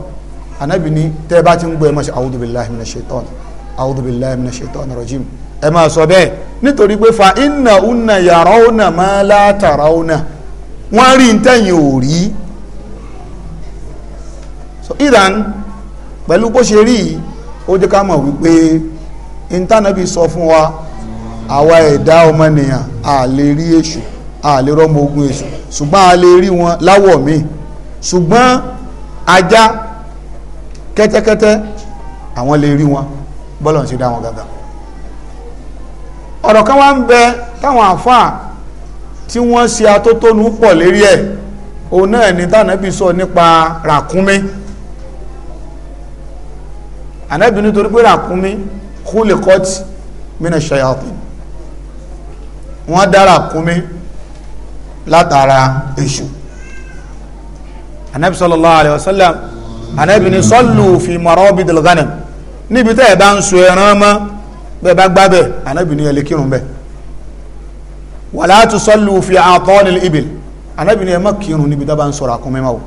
anabi ni tẹ́ ẹ bá ti ń gbọ́ ẹ máa ṣe awudu bilahi mina shaitan awudu bilahi mina shaitan rajim ẹ máa sọ bẹ́ẹ̀ nítorí pé fa inna una yàrá una máa látara una wọ́n rí ntẹ̀yìn ò rí so iran pẹ̀lú bó ṣe rí yìí ó jẹ́ ká mọ̀ wípé intanẹ́bì sọ fún wa àwa ẹ̀dá ọmọnìyàn a lè rí èṣù a lè rọ́mọ ogun èṣù ṣùgbọ́n a lè rí wọn láwọ̀ míì ṣùgbọ́n ajá kẹ́tẹ́kẹ́tẹ́ àwọn lè rí wọn bọ́lọ̀ sí dá wọn gàgà ọ̀rọ̀ kan wá ń bẹ táwọn àfáà tí wọ́n ṣe atótónu pọ̀ lérí ẹ̀ òun náà ní tànàbí sọ nípa ràkúnmí ànábì nítorí pé ràkúnmí khuliqat mina shayatin wọ́n dá ràkúnmí látara èṣù ànábì sallallahu alaihi wasallam ànábì ní sallu fi marabidil ghanam níbi tẹ́ ẹ̀ bá ń so ẹran mọ́ bẹ́ẹ̀ bá gbá bẹ́ẹ̀ ànábì ní ẹ̀lẹ́ kírun bẹ́ẹ̀ wala tusallu fi atanil ibil ànábì ní ẹ̀ má kírun níbi tá bá ń sọ̀rọ̀ àkúnmí máa wò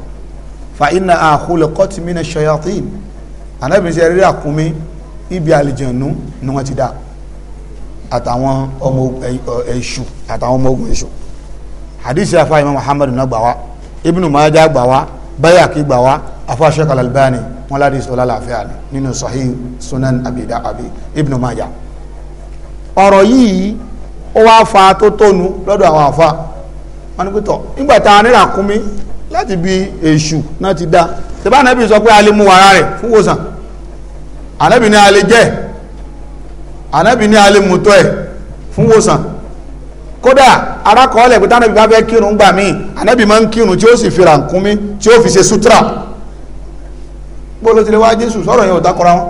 fa innaha khuliqat minash shayatin ànábì ní sẹ́rí àkúnmí ibi àlìjẹ̀nu ni wọ́n ti dá àtàwọn ọmọ èṣù àtàwọn ọmọ ogun èṣù hadith afa imam muhammadu náà gbà wá ibnu majah gbà wá bayaki gbà wá afa Sheikh Al-Albani wọn láti sọlá làáfíà ni nínú sahih sunan abida abi ibnu Majah ọ̀rọ̀ yìí ó wá fa tó tónu lọ́dọ̀ àwọn afa wọn ni pẹ́tọ̀ nígbà tá a ní ràkúnmí láti bi èṣù náà ti dá tẹ́bá anábì sọ pé a lè mú wàrà rẹ̀ fún wòsàn anábì ní a lè jẹ́ anábì ní a lè mú tọ́ ẹ̀ fún wòsàn kódà arákọọ́lẹ̀ pé tánábì bá fẹ́ kírun gbà míì anábì máa ń kírun tí ó sì fi ràkúnmí tí ó fi ṣe sutura bó ló ti lè wá jésù sọ̀rọ̀ yẹn ò dákọ̀ra wọn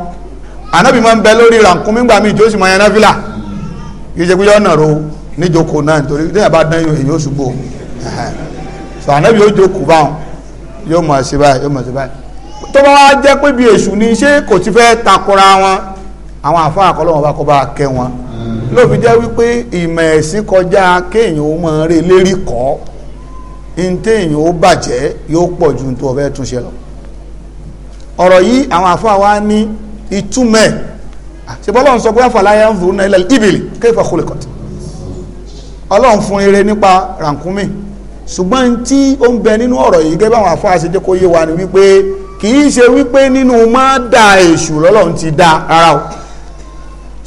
ànábì máa ń bẹ lórí rànkún mígbà míì tí ó sì máa yan náfìlà ro níjókòó náà nítorí ní àbá dán yóò èyí ó ṣubú o yóò jókòó báwọn yóò máa ṣe báyìí yóò máa ṣe báyìí tó bá wá jẹ́ pé bí èṣù ni ṣé kò ti fẹ́ takora wọn àwọn àfa àkọlọ́ wọn bá kọ́ bá kẹ́ wọn mm. ló fi jẹ́ wípé ìmọ̀ ẹ̀sìn kọjá kéèyàn ó máa rè lérí kọ́ ní téèyàn ó bàjẹ́ yóò pọ̀ ju ní tó o fẹ́ túnṣe lọ ọ̀rọ̀ yìí àwọn àfáà wa ní ìtumẹ̀ ṣe bọ́lá ń sọ pé àfàlàyé ń fún ilẹ̀ ibìlì kéfà kólẹ̀kọ̀tì ọlọ́run fún ire nípa rànkúnmí ṣùgbọ́n tí ó ń bẹ nínú ọ̀rọ̀ yìí gẹ́gẹ́ báwọn àfáà ṣe jẹ́ kó yé wa ni wípé kì í ṣe wípé nínú má da èṣù lọ́lọ́run ti da rárá o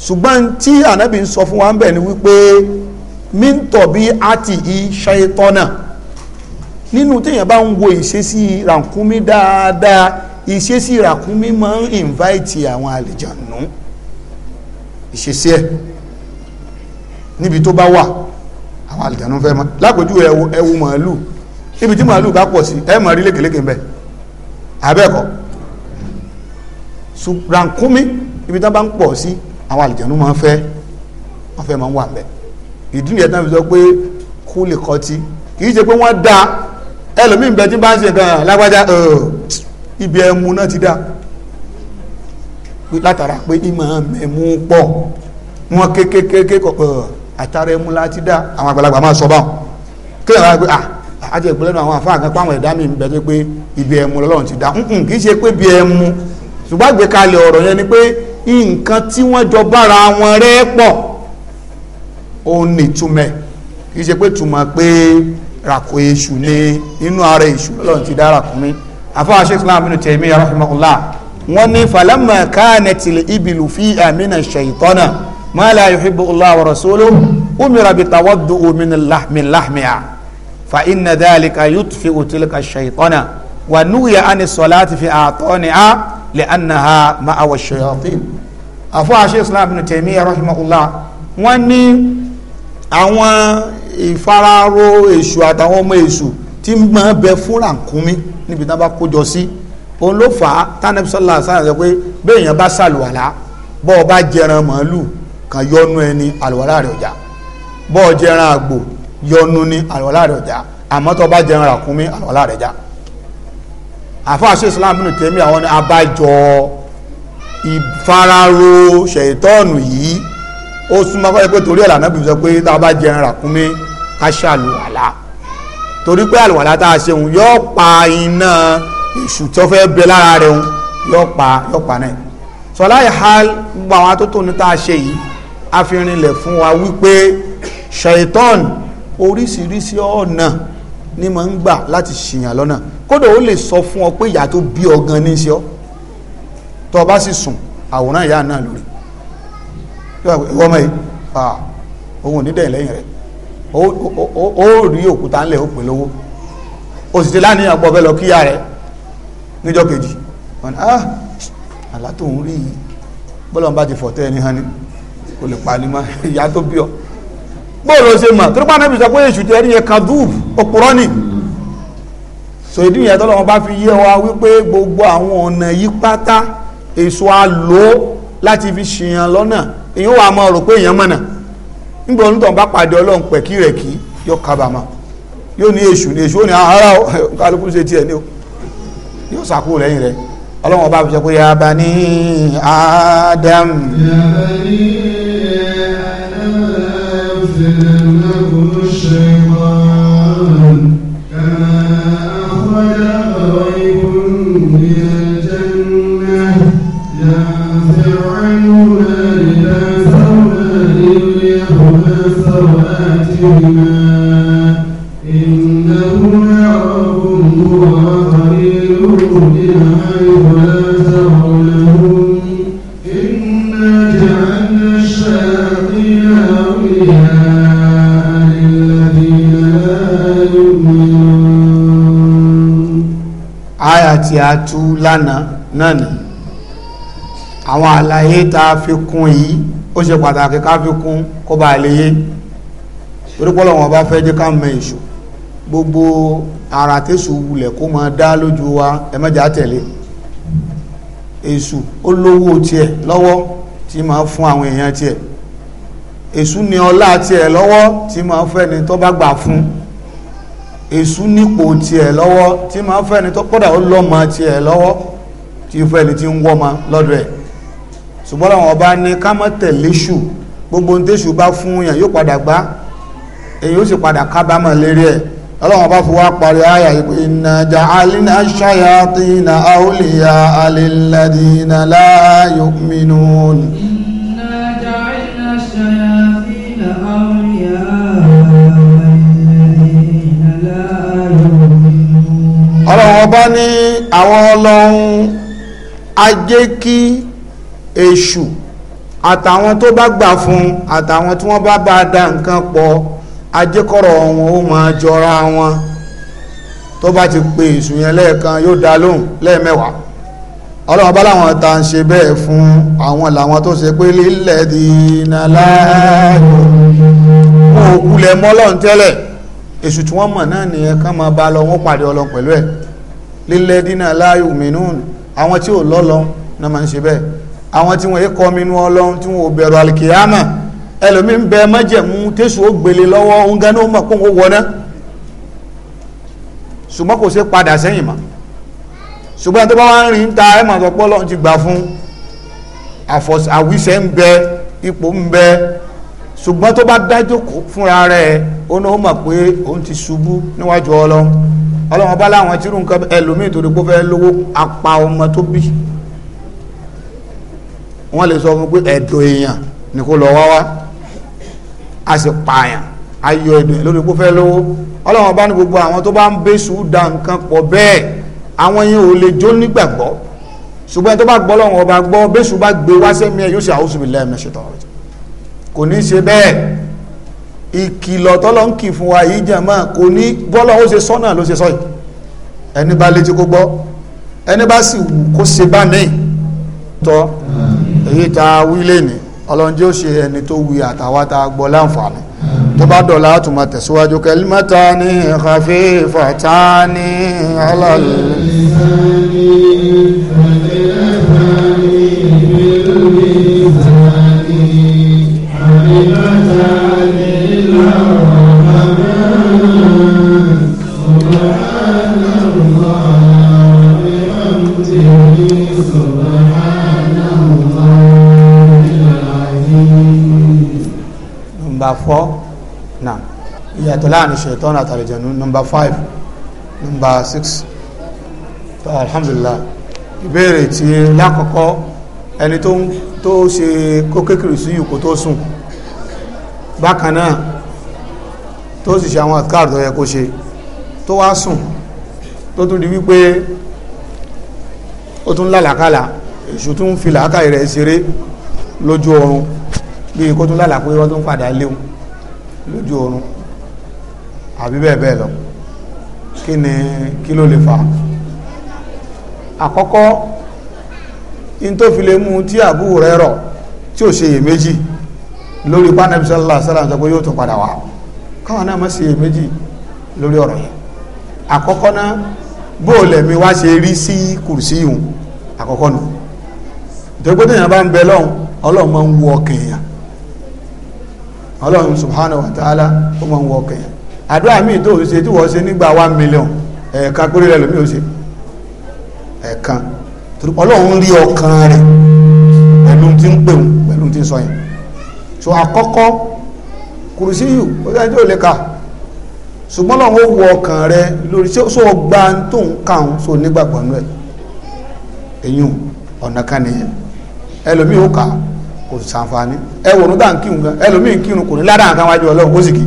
ṣùgbọ́n tí ànábì ń sọ fún wa ń bẹ ni wípé míntọ̀ bí àti ìṣẹ́ tọ́nà nínú téèyàn bá ń wo ìṣesí rànkúnmí dáadáa ìṣesí ràkúnmí máa ń invite àwọn àlìjànú ìṣesí ẹ̀ níbi tó bá wà àwọn àlìjànú fẹ́ mọ́ lápòjú ẹwu màálù níbi tí màálù bá pọ̀ sí ẹ̀ máa rí lékeléke ń bẹ abẹ́ẹ̀kọ́ ràkúnmí ibi tó bá ń pọ̀ sí àwọn àlìjànú máa ń fẹ́ wọ́n fẹ́ máa ń wà ń ìdí nìyẹn tán fi sọ pé kú lè kọtí kì í ṣe pé wọ́n da ẹlòmíì bẹ tí bá ń ṣe gan-an lágbájá ọ̀ọ́ ibi ẹmu náà ti dá látara pé ìmọ̀ ẹ̀mú pọ̀ wọn kékékéké àtàrà ẹmu láti dá àwọn àgbàlagbà máa sọ báwọn kílẹ̀ wá pé àti ìpínlẹ̀ náà àwọn àfáà kan páwọn ẹ̀dá mi ń bẹ tó pé ibi ẹmu lọ́lọ́run ti dá nǹkan kì í ṣe pé ibi ẹmu ṣùgbọ́n àgbékalẹ̀ ọ̀rọ̀ yẹn ni pé nǹkan tí wọ́n jọ bára wọn rẹ́ pọ̀ òun nìtumẹ̀ kì í ṣe pé tùmọ̀ pé ràkò èṣù ni nínú ara èṣù lọ́lọ́run ti dá ràkúnmí afọwọ́ sheikh islam ibn taymiyyah rahimahullah wọ́n ní falamma kánẹtìlì ibilu fi amina shaitana ma la yuhibbu allah wa rasuluhu umira bi tawaddu min lahmi lahmiha fa inna dhalika yutfi'u tilka shaitana wa nuya an salati fi ataniha li annaha ma'awa shayatin afọwọ́ sheikh islam ibn taymiyyah rahimahullah wọ́n ní àwọn ìfararo èṣù àtàwọn ọmọ èṣù tí máa bẹ fún ràkúnmí níbi tá a bá kójọ sí òun ló fà á tánàbí sọlá sáyẹn sọ pé béèyàn bá ṣàlùwàlá bọ́ ọ bá jẹran màálù kan yọnu ẹni àlùwàlá rẹ̀ ọjà bọ́ ọ jẹran àgbò yọnu ní àlùwàlá rẹ̀ ọjà àmọ́ tó bá jẹran ràkúnmí àlùwàlá rẹ̀ já àfáàṣe islam nínú tèmi àwọn ni abájọ ìfararo ṣètọ́ọ̀nù yìí ó súnmọ́ kọ́ ẹ pé torí ẹ̀ lànà bí mo sọ pé tá a bá jẹran ràkúnmí ká ṣàlùwàlá torí pé àlùwàlá tá a ṣeun yóò pa iná èṣù tó fẹ́ bẹ lára rẹ̀ hun yóò pa yóò pa náà sọlá ìhà gbogbo àwọn atótónu tá a ṣe yìí a fi rinlẹ̀ fún wa wípé ṣaitan oríṣiríṣi ọ̀nà ni mo ń gbà láti ṣìyàn lọ́nà kódà ó lè sọ fún ọ pé ìyá tó bí ọ gan ní ṣe ọ tó o bá sì sùn àwòrán ìyá náà lórí ìwọ ọmọ yìí òun ò rẹ̀ ó rí òkúta ńlẹ̀ ó pè lówó ó sì ti láníyàn pọ̀ bẹ́ẹ̀ lọ kíyà rẹ̀ níjọ́ kejì ọ̀nà ah àlá tó ń rí yìí bọ́lọ̀ bá ti fọ̀tẹ́ ẹni hàn ní kò lè pa ní ma ìyá tó bí ọ bóòlù ṣe mà tó bá nàbì sọ pé èṣù tẹ́rí yẹn kan dùb òpùrọ́ ni sọ ìdí yẹn tọ́lọ́ wọn bá fi yé wa wípé gbogbo àwọn ọ̀nà yí pátá èso àlò láti fi ṣìyàn lọ́nà èyí ó wà mọ́ rò pé èèyàn mọ̀nà nígbà onítọ̀ bá pàdé ọlọ́run pẹ̀kí rẹ̀ kí yóò kábàámà yóò ní èṣù ní èṣù ó ní ah, ara kálukú ṣe tiẹ̀ ní o yóò sàkó lẹ́yìn rẹ̀ ọlọ́run ọba àbúṣe pé ya bani Adam. ya bani Adam fẹ́ràn kò ṣe wá. بنا إنه يراكم هو وقبيله من حيث لا ترونهم إنا جعلنا الشياطين أولياء للذين لا يؤمنون آية تياتو لنا نانا àwọn àlàyé tá a fi kún yìí ó ṣe pàtàkì ká fi kún kó bá lè yé torí pé Ọlọ́run bá fẹ́ jẹ́ ká mọ èṣù gbogbo ara tẹ̀sù wulẹ̀ kó máa dá lójú wa ẹ má jà tẹ̀lé èṣù ó lówó tiẹ̀ lọ́wọ́ tí máa fún àwọn èèyàn tiẹ̀ èṣù ní ọlá tiẹ̀ lọ́wọ́ tí máa fẹ́ ni tó bá gbà fún èṣù nípò tiẹ̀ lọ́wọ́ tí máa fẹ́ ni tó kódà ó lọ́mọ tiẹ̀ lọ́wọ́ tí fẹ́ ni tí ń wọ́mọ lọ́dọ̀ ẹ̀ ṣùgbọ́n àwọn ọba ní ká má tẹ̀lé ṣù gbogbo ní tẹ̀sù bá fún yàn yóò padà gbá èyí ó sì padà kábàámọ̀ lérí ẹ̀ ọlọ́run bá fi parí àyà yìí pé inna ja'alna shayatina awliya'a lilladhina la yu'minun. inna ja'alna shayatina awliya'a ní àwọn ọlọ́run ajé kí èṣù àtàwọn tó bá gbà fún àtàwọn tí wọ́n bá bá da nǹkan pọ̀ ajẹ́kọ̀rọ̀ wọn ó máa jọra wọn tó bá ti pe èṣù yẹn lẹ́ẹ̀kan yóò dá lóhùn lẹ́ẹ̀mẹ́wàá ọlọ́run bá láwọn ta ń ṣe bẹ́ẹ̀ fún àwọn làwọn tó ṣe pé lílẹ̀ dínà láàyò wọn ò kulẹ̀ mọ́ ọlọ́run tẹ́lẹ̀ èṣù tí wọ́n mọ̀ náà nìyẹn kán máa bá lọ wọ́n pàdé ọlọ́run pẹ̀lú ẹ̀ lílẹ̀ dínà láàyò mìíràn àwọn tí ò lọ́lọ́run náà máa ń ṣe bẹ́ẹ̀ àwọn tí wọ́n yé kọ́ minú ọlọ́run tí wọ́n ò bẹ̀rù alìkìyàmà ẹlòmí ń bẹ májẹ̀mú tẹ́sù ó gbélé lọ́wọ́ òun gan ó mọ̀ kó ń wọná ṣùgbọ́n kò ṣe padà sẹ́yìn mọ́ ṣùgbọ́n tó bá wá ń rìn ta ẹ̀ màá sọpọ́ lọ́n ti gbà fún àwíṣẹ́ ń bẹ ipò ń bẹ ṣùgbọ́n tó bá dájú fúnra rẹ̀ ó ní ó mọ̀ pé òun ti ṣubú níwájú ọlọ́run ọlọ́run bá láwọn tírú nǹkan tó fẹ́ lówó apá ọmọ tó bí wọ́n lè sọ fún pé èèyàn ni kò lọ wá a sì pààyàn ayọ ẹ̀dùn lórí kó fẹ́ lówó ọlọ́run ọba ní gbogbo àwọn tó bá ń bẹ́ sùúdà nǹkan pọ̀ bẹ́ẹ̀ àwọn yẹn ò lè jó nígbàgbọ́ ṣùgbọ́n tó bá gbọ́ ọlọ́run ọba gbọ́ bẹ́sù bá gbé wá sẹ́mi ẹ̀ yóò ṣe a'udhu billahi minash shaitanir rajim kò ní ṣe bẹ́ẹ̀ ìkìlọ̀ tọ́lọ́ ń kì fún wa yìí jàmáà kò ní bọ́lọ́ ó ṣe sọ́nà ló ṣe sọ́yìn ẹni bá létí kó gbọ́ ẹni bá sì wù kó ṣe bá ní tọ́ èyí ta wílé ni ọlọ́run jẹ́ ó ṣe ẹni tó wí àtàwátà gbọ́ láǹfààní tó bá dọ̀la á tún máa tẹ̀síwájú kalimatani khafifatani alal. fọ́ náà ìyàtọ̀ láàrin ṣètọ́nù àtàlẹ̀jẹ̀nu nọmba five nọmba six alhamdulilah ìbéèrè tí lákọ̀ọ́kọ́ ẹni tó ṣe kó kékeré sí ìkó tó sùn bákan náà tó sì ṣe àwọn àtikáàrù tó yẹ kó ṣe tó wá sùn tó tún di wípé ó tún lálàkàlà èṣù tún fi làákàyè rẹ̀ ṣeré lójú oorun bí kó tún lálàá pé wọ́n tún padà léwu lójú oorun àbí bẹ́ẹ̀ bẹ́ẹ̀ lọ kí ni kí ló lè fà àkọ́kọ́ in tó fi lè mú tí Abu Hurairah tí ò ṣe iyèméjì lórí pánẹ́bí sallallahu alaihi wasallam sọ pé yóò tún padà wá káwọn náà má ṣe iyèméjì lórí ọ̀rọ̀ yẹn àkọ́kọ́ náà bóòlẹ̀ mi wá ṣe rí sí kùrùsí ìhùn àkọ́kọ́ nù tó gbé tèèyàn bá ń bẹ lọ́hùn ọlọ́run máa ń wo ọkàn ọlọ́run subhanahu wa ta'ala ó mọ̀ ń wọ kẹyàn àdúrà míì tó ṣe tí wọ́n ṣe nígbà one million ẹ̀ẹ̀kan péré rẹ̀ lómi ò ṣe ẹ̀ẹ̀kan ọlọ́run rí ọkàn rẹ̀ pẹ̀lú tí ń pèun pẹ̀lú tí ń sọ yẹn so àkọ́kọ́ kùrùsí yìí ó dájú tó lè ka ṣùgbọ́n lọ́wọ́ ó wọ ọkàn rẹ̀ lórí ṣó gba tó ń kàún so nígbàgbọ́ nú ẹ̀ ẹ̀yìn ọ̀nà kan nìyẹn ẹlòmíì ó kà á kò sànfàní ẹwọ̀n dá ń kírun gan ẹlòmíì kírun kò ní ládàá nǹkan wájú ọlọ́run ó sì kí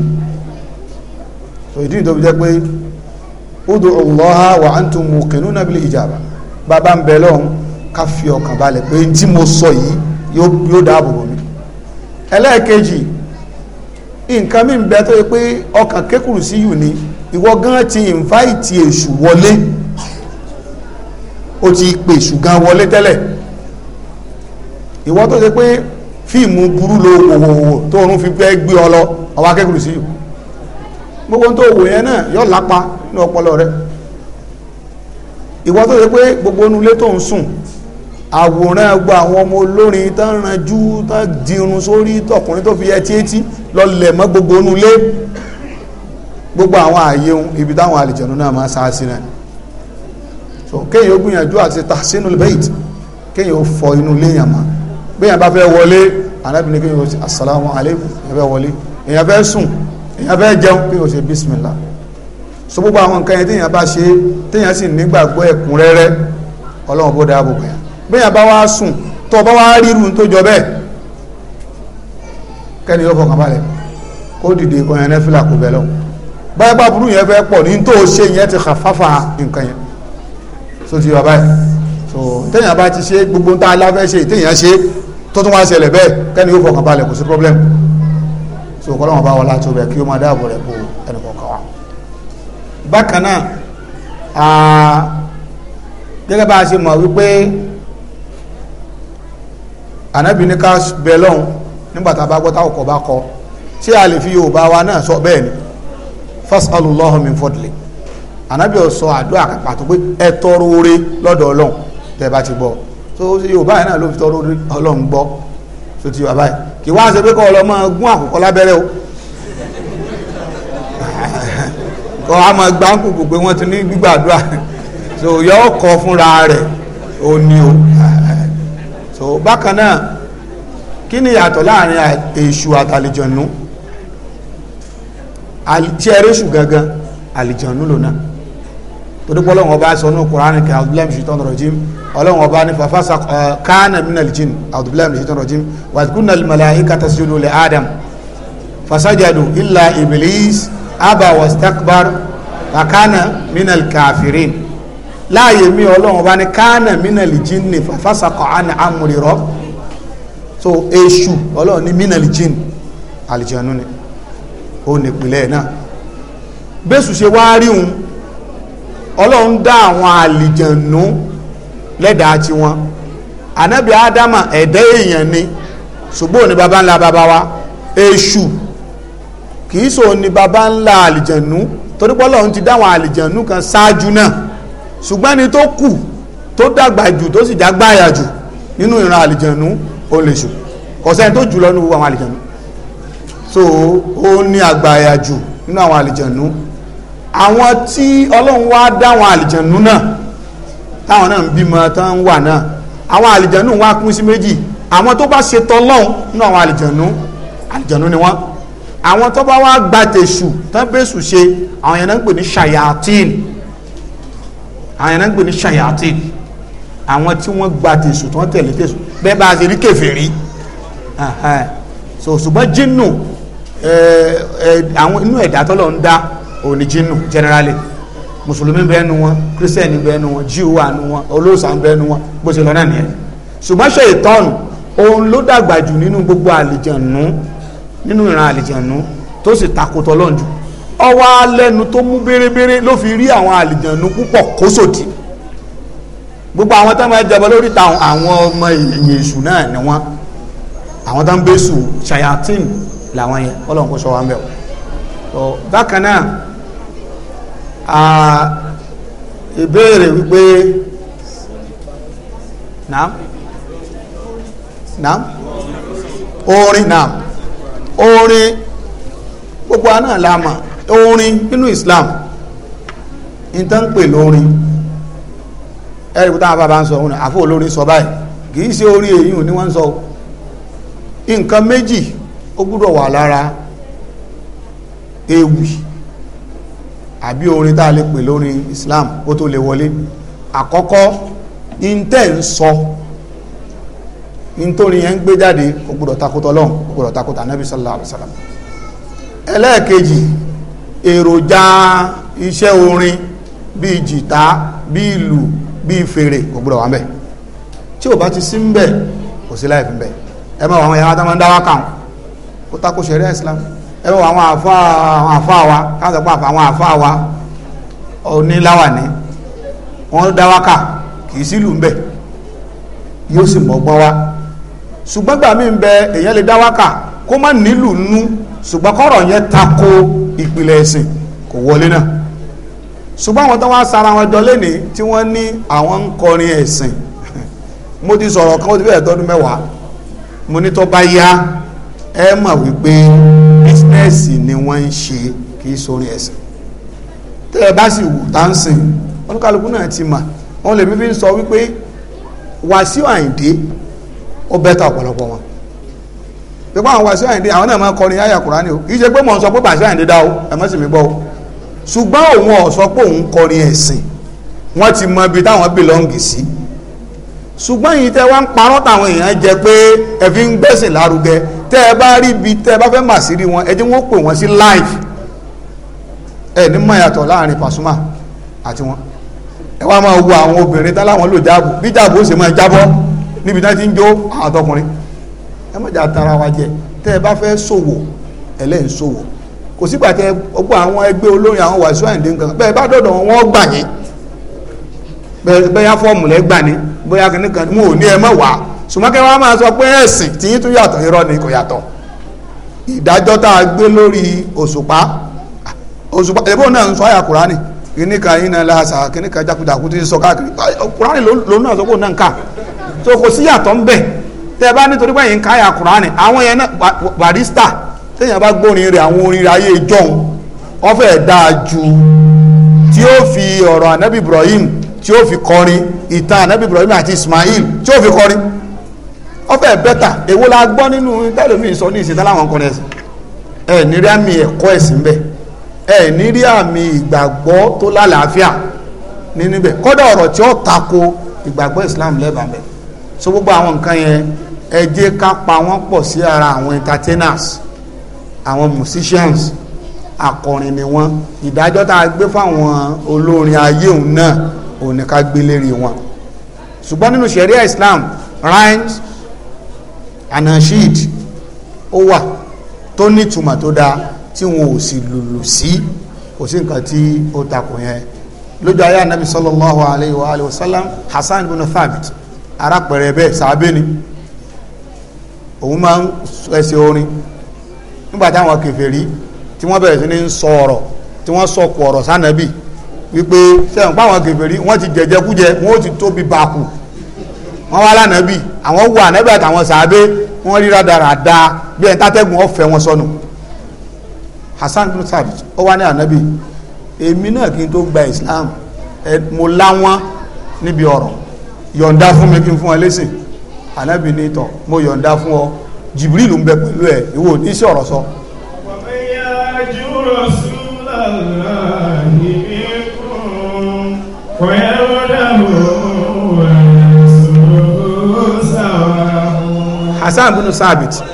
ìdí ìdó jẹ́ pé ijaba bàbá ń bẹ lọ́hùn ká fi ọkàn balẹ̀ pé tí mo sọ yìí yóò dáàbò bò mí ẹlẹ́ẹ̀kejì nǹkan mi ń bẹ tó yẹ pé ọkàn sí yù ni ìwọ gan ti èṣù ìwọ tó ṣe pé fíìmù burú lo wòwòwò tó òun fi fẹ́ gbé ọ lọ ọwọ́ akẹ́kọ̀ọ́ sí yìí gbogbo tó wò yẹn náà yọ lápa ní ọpọlọ rẹ ìwọ tó ṣe pé gbogbo inú ilé tó ń sùn àwòrán ẹgbọ́ àwọn ọmọ olórin tán ranjú tán dirun sórí tọkùnrin tó fi ẹtí ẹtí lọlẹ̀ mọ́ gbogbo inú ilé gbogbo àwọn ààyè ibi táwọn àlìjẹ̀nú náà máa sáà sí náà so kéèyàn ó gbìyànjú àti tàṣínú bait kéèyàn ó fọ inú léèyàn máa bẹ́ẹ̀ bá fẹ́ wọlé Ànábì ní kí yóò ṣe assalamu alaikum èyàn fẹ́ wọlé èyàn fẹ́ sùn èyàn fẹ́ jẹun kí yóò ṣe bismillah so gbogbo àwọn nǹkan yẹn téèyàn bá ṣe téèyàn sì nígbàgbọ́ ẹ̀kúnrẹ́rẹ́ ọlọ́run bó dáa gbogbo yẹn bẹ́ẹ̀ bá wá sùn tó bá wá ríru tó jọ bẹ́ẹ̀ kẹ́ni yóò fọkàn balẹ̀ kó dìde kan yẹn nẹ́fìlà kó bẹ̀ lọ́wọ́ báyìí bá burú yẹn fẹ́ pọ̀ ní tó ṣe yẹn ti khafafa nǹkan yẹn so ti yọ báyìí so téèyàn bá ti ṣe gbogbo ń tá ṣe téèyàn ṣe tó tún wá ṣẹlẹ̀ bẹ́ẹ̀ kẹ́ni yóò fọkàn balẹ̀ kò sí problem so kọ́lọ́wọ́n bá wà láti ọbẹ̀ kí ó máa dáàbò rẹ̀ bo ẹnì kọ̀ọ̀kan wa. bákan náà gẹ́gẹ́ bá a ṣe mọ̀ wípé ànábì ní ká bẹ lọ́hùn nígbà tá a bá gbọ́ táwọn kọ̀ bá kọ ṣé a lè fi Yorùbá wa náà sọ bẹ́ẹ̀ ni fasalullahu min fadli ànábì ó sọ àdúrà kan pé ẹ tọrọ oore lọ́dọ̀ Ọlọ́run tẹ́ bá ti gbọ́ so yorùbá yẹn náà ló fi tọrọ ọlọ́run gbọ́ so ti yorùbá yìí kì wá ṣe pé kọ́ ọlọ́ máa gún àkùkọ lábẹ́rẹ́ o kọ́ a máa gbá kùkù pé wọ́n ti ní gbígbàdúrà so yọ ọkọ̀ fúnra rẹ̀ ó ní o so bákan náà kí ni ìyàtọ̀ láàrin èṣù àtàlejànú tí ẹ rí èṣù gangan àlejànú lónà torí pé ọlọ́run ọba sọ ní kuraani kí abdulayi shaitan rajim ọlọ́run ọba ní fafasa kaana minal jin abdulayi shaitan rajim wàtukuna malayika tasjudu li adam fasajadu illa iblis aba wastakbar wa kaana minal kafirin láàyè mi ọlọ́run ọba ní kaana minal jin ní fafasa kọ́án amúri so èṣù ọlọ́run ní minal jin alijanu ni ó nípìnlẹ̀ náà bẹ́sù ṣe wá rí òun ọlọ́run dá àwọn àlìjànú lẹ́dàá tí wọn ànábì ádámà ẹ̀dá èèyàn ni ṣùgbọ́n òní baba ńlá baba wa èṣù kì í sọ ní baba ńlá àlìjànú torí pé ọlọ́run ti dá àwọn àlìjànú kan ṣáájú náà ṣùgbọ́n ni tó kù tó dàgbà jù tó sì dágbáyà jù nínú ìran àlìjànú ó lè ṣù kọ̀sẹ́ni tó jù lọ àwọn àlìjànú so ó ní àgbáyà jù nínú àwọn àlìjànú àwọn tí ọlọ́run wá dáwọn àlìjànú náà táwọn náà ń bímọ tán ń wà náà àwọn àlìjànú wá kún sí méjì àwọn tó bá ṣe tọlọ́run nínú àwọn àlìjànú àlìjànú ni wọ́n àwọn tó bá wá gba tèṣù tán bẹ́sù ṣe àwọn yẹn náà ń pè ní ṣàyàtìn àwọn yẹn náà ń pè ní ṣàyàtìn àwọn tí wọ́n gba tèṣù tán tẹ̀lé tèṣù bẹ́ẹ̀ bá a ṣe rí kèfèrí so ṣùgbọ́n jínù àwọn inú ẹ̀dá tọ́lọ̀ ń dá òní jinnu generally mùsùlùmí bẹ́ẹ̀ nu wọn kírísítẹ́nì bẹ́ẹ̀ nu wọn jíù wà nu wọn olóòsà bẹ́ẹ̀ nu wọn bó ṣe lọ náà nìyẹn ṣùgbọ́n ṣe ìtọ́nù òun ló dàgbà jù nínú gbogbo àlìjànú nínú ìran àlìjànú tó sì takòtò Ọlọ́run jù ọwọ́ alẹ́nu tó mú bérebére ló fi rí àwọn àlìjànú púpọ̀ kó sòdì gbogbo àwọn tó máa jẹba lórí ta àwọn ọmọ èyí èṣù náà ni wọn àwọn tó ń gbé sùn ṣayatin làwọn yẹn Ọlọ́run kò sọ wa ń bẹ̀ ọ́ bákan náà ìbéèrè wipe naam naam orin na orin gbogbo aná láàmà orin nínú Islam ìtàn pè lórin ẹ̀rì pé táwọn bàbá ń sọ òun àfọ́ olórin sọ báyìí kìí ṣe orí èyí ni wọ́n ń sọ nǹkan méjì ó gbúdọ̀ wà àbí orin tá a lè pè lórí Islam ó tó lè wọlé àkọ́kọ́ intẹ́ ń sọ nítorí yẹn ń gbé jáde kò gbọdọ̀ takótọ́ lọ́hùn kò gbọdọ̀ takótọ́ anábì sallallahu alaihi wasallam ẹlẹ́ẹ̀kejì èròjà iṣẹ́ orin bíi jìtá bíi ìlù bíi fèrè kò gbọdọ̀ wà ń tí ò bá ti sí ń bẹ̀ kò sí láì fi ń bẹ̀ ẹ máa wà wọn yàrá tá máa ń dá wákà ó takò ṣẹ̀ríà Islam ẹ wọ àwọn àfa àwọn àfa wa káàtó pa àwọn àfa wa oníláwà ni wọ́n dá wákà kì í sílùú ń bẹ̀ yóò sì mọ̀gbọ́n wa ṣùgbọ́n gbà mí ń bẹ èèyàn lè dá wákà kó má nílùú nú ṣùgbọ́n kọ́rọ̀ yẹn tako ìpìlẹ̀ ẹ̀sìn kò wọlé náà ṣùgbọ́n àwọn tó wá sara wọn jọ lẹ́ni tí wọ́n ní àwọn ń kọrin ẹ̀sìn mo ti sọ̀rọ̀ kan ó ti bẹ̀rẹ̀ tọdún mẹ́wàá mo ní tó bá yá ẹ mọ̀ wípé ẹ̀sìn ni wọ́n ń ṣe kì í sọrin ẹ̀sìn tẹ́ ẹ bá sì wù tá ń sìn oníkálukú náà ti mà wọn lè fi sọ wípé Wàsíù Àyìndé ó bẹ́tà ọ̀pọ̀lọpọ̀ wọn pípa àwọn Wàsíù Àyìndé àwọn náà máa kọrin àyà Kùránì o kì í ṣe pé mò ń sọ pé Wàsíù Àyìndé dá o ẹ má sì mí gbọ́ o ṣùgbọ́n òun ò sọ pé òun kọrin ẹ̀sìn wọ́n ti mọ ibi táwọn bìlọ́ǹgì sí ṣùgbọ́n yìí tẹ́ wá ń parọ́ táwọn èèyàn jẹ pé ẹ fi lárugẹ tẹ́ ẹ bá rí ibi tẹ́ ẹ bá fẹ́ mà sí rí wọn ẹ jẹ́ wọ́n pè wọ́n sí live ẹ ní mọ̀ láàrin Pasuma àti wọn ẹ wá máa wo àwọn obìnrin tá láwọn lò jáàbù bí jáàbù ó sì máa jábọ́ níbi tá àtọkùnrin ẹ jà tara wa jẹ tẹ́ ẹ bá fẹ́ kò sígbà tẹ àwọn ẹgbẹ́ olórin àwọn wàásù nǹkan bẹ́ẹ̀ bá dọ̀dọ̀ wọn gbà yín bẹ́ẹ̀ bẹ́ẹ̀ yá fọ́ọ̀mù sùmọ́kẹ́ wa máa sọ pé ẹ̀sìn tí yín tún yàtọ̀ irọ́ ni kò yàtọ̀ ìdájọ́ tá a gbé lórí òṣùpá òṣùpá ẹ̀bọ́n náà ń sọ àyà kùránì kìnnìkan yín náà láàṣà kìnnìkan jákujàku tí ń sọ káàkiri kùránì lòun náà sọ pé òun náà ń kà so kò sí yàtọ̀ ń bẹ̀ tẹ́ ẹ bá nítorí pé yín ń àyà kùránì àwọn yẹn náà barista téèyàn bá gbórin rẹ̀ àwọn orin rẹ̀ ayé ìjọ́un wọ́n fẹ́ẹ̀ dáa ju tí ó Ismail tí ó ọfẹ bẹta èwo la gbọ́ nínú tẹlifíìn sọ ní ìsìntà láwọn kan ẹsìn ẹ nírí àmì ẹ̀kọ́ ẹ̀sìn bẹ ẹ nírí àmì ìgbàgbọ́ tó lálàáfíà ní níbẹ̀ kódà ọ̀rọ̀ tí ó tako ìgbàgbọ́ Islam lẹ́bàá bẹ so gbogbo àwọn nǹkan yẹn ẹ jẹ́ ká pa wọ́n pọ̀ sí ara àwọn entertainers àwọn musicians akọrin ni wọ́n ìdájọ́ tá a gbé fáwọn olórin ayé òun náà òun ni ká gbé lérí wọn ṣùgbọ́n nínú ṣẹ̀ríà Islam rhymes anashid ó wà tó nítumọ̀ tó dáa tí wọn ò sì lùlù sí kò sí nǹkan tí ó takò yẹn lójú ayé anabi sallallahu alayhi wa alayhi wa sallam hasan ibn thabit arápẹrẹ bẹ́ẹ̀ sàábẹ ni òun máa ń ẹsẹ orin nígbà táwọn kèfèrí tí wọ́n bẹ̀rẹ̀ sí ní sọ ọ̀rọ̀ tí wọ́n sọ kù ọ̀rọ̀ sànàbì wípé sẹ́wọ̀n páwọn kèfèrí wọ́n ti jẹjẹkújẹ wọ́n ti tóbi bàkù wọ́n wá lánàbí àwọn wọ ànábì àtàwọn sàábé wọ́n rí rádaràda bí ẹni tátẹ́gùn ọ̀fẹ́ wọn sọnù Hasan bin Sabit ó wá ní ànábì èmi náà kí n tó gba Islam mo láwọn níbi ọ̀rọ̀ yọ̀ǹda fún mi kí n fún ẹ lẹ́sìn ànábì ní ìtọ̀ mo yọ̀ǹda fún ọ Jibril ń bẹ pẹ̀lú ẹ ìwọ oníṣẹ́ ọ̀rọ̀ sọ. Forever. Hasan bin Sabit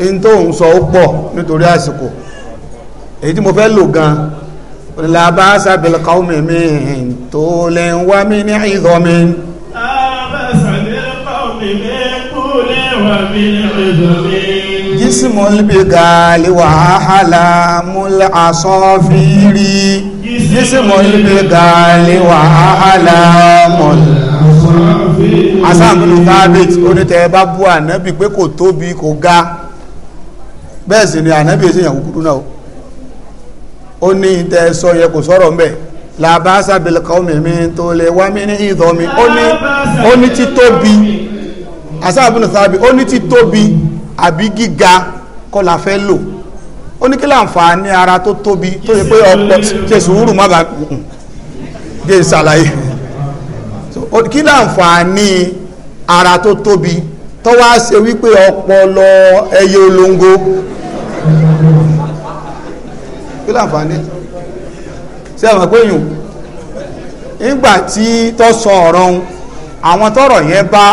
in tó ń sọ ó pọ̀ nítorí àsìkò èyí tí mo fẹ́ lò gan labasa bil qawmi min tó lè ń wá mi ní ìdọ́ mi. labasa bil qawmi min tó lè wá mi ní ìdọ́ mi. jisimu bigali wàhálà múlẹ̀ asọ́fìrí jisimu bigali wàhálà múlẹ̀ asọ́fìrí asáàmùnú tábìt onítẹ̀ bá bú ànábì pé kò tóbi kò ga bẹ́ẹ̀ sì ni ànábì èsì èèyàn kúkúrú náà ó ní ìtẹ́ sọ yẹ kò sọ̀rọ̀ mbẹ̀ làbáṣà bìlìkọ́mì mi tó lè wá mí ní ìdọ̀ mi ó ní ti tóbi asáàmùnú tábìt ó ní ti tóbi àbí gíga kọ́ la fẹ́ lò ó ní kí láǹfààní ara tó tóbi tó yẹ pé ọ̀pọ̀ ṣe sùúrù má bàa jẹ́ ìsàlàyé so kí láǹfààní ara tó tóbi tó wá ṣe wípé ọpọlọ ẹyẹ olóńgó kí láǹfààní ṣe àwọn péyùn nígbà tí tó sọ ọ̀rọ̀ ohun àwọn tọ́rọ̀ yẹn bá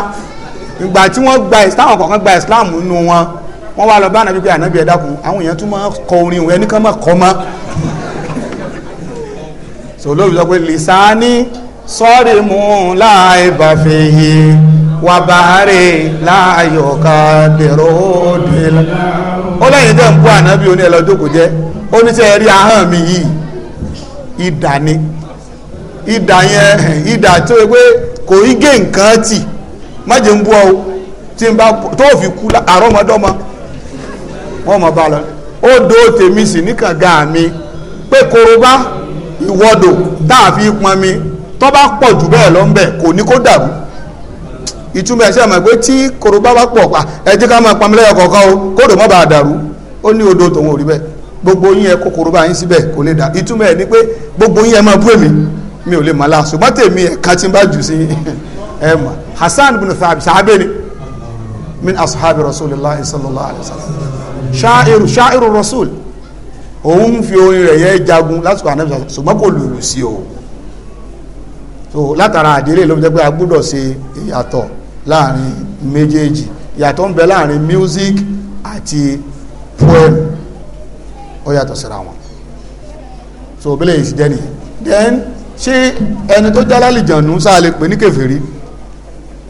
ìgbà tí wọ́n gba islam kọ̀ọ̀kan gba islam nínú wọn wọ́n wá lọ bá ànábì pé ànábì ẹ àwọn èèyàn tún máa kọ orin òun ẹnìkan máa kọ mọ́ so olóòrùn sọ pé lè sáá ní صارم لا عيب فيه وبحري لا يقدر دل ó lẹ́yìn dẹ́ ń ànábì oní ẹlọ́jọ́ kò jẹ́ ó mi yìí idà ni idà yẹn idà tó yẹ pé kò í gé nǹkan tì má ń bú ọ tí n bá tó fi kú àrọ́mọdọ́mọ wọ́n mọ̀ bá lọ ó do mi pé korobá tá a fi pọn mi tó bá pọ̀ jù bẹ́ẹ̀ lọ ń bẹ̀ kò ní kó dàrú ìtumọ̀ ẹ̀ sí pé tí koro bá bá pọ̀ pa ẹ ká máa o mọ́ bá dàrú ó ní odò tòun gbogbo yín ẹ kó koro bá yín síbẹ̀ kò lè ni pé gbogbo yín ẹ máa mi ò lè la ṣùgbọ́n tèmi ẹ̀ Hasan bin ni min rasulillah alayhi wa sallam sha'iru rasul òun fi orin rẹ̀ yẹ jagun lásìkò àná o. so látara àdílé ló fi jẹ́ pé a gbúdọ̀ ṣe ìyàtọ̀ láàrin méjèèjì ìyàtọ̀ ń bẹ láàrin music àti poem ó yàtọ̀ síra wọn so bí lè ṣe jẹ́ then ṣé ẹni tó jálálì jànú sáà lè pè ní kèfèrí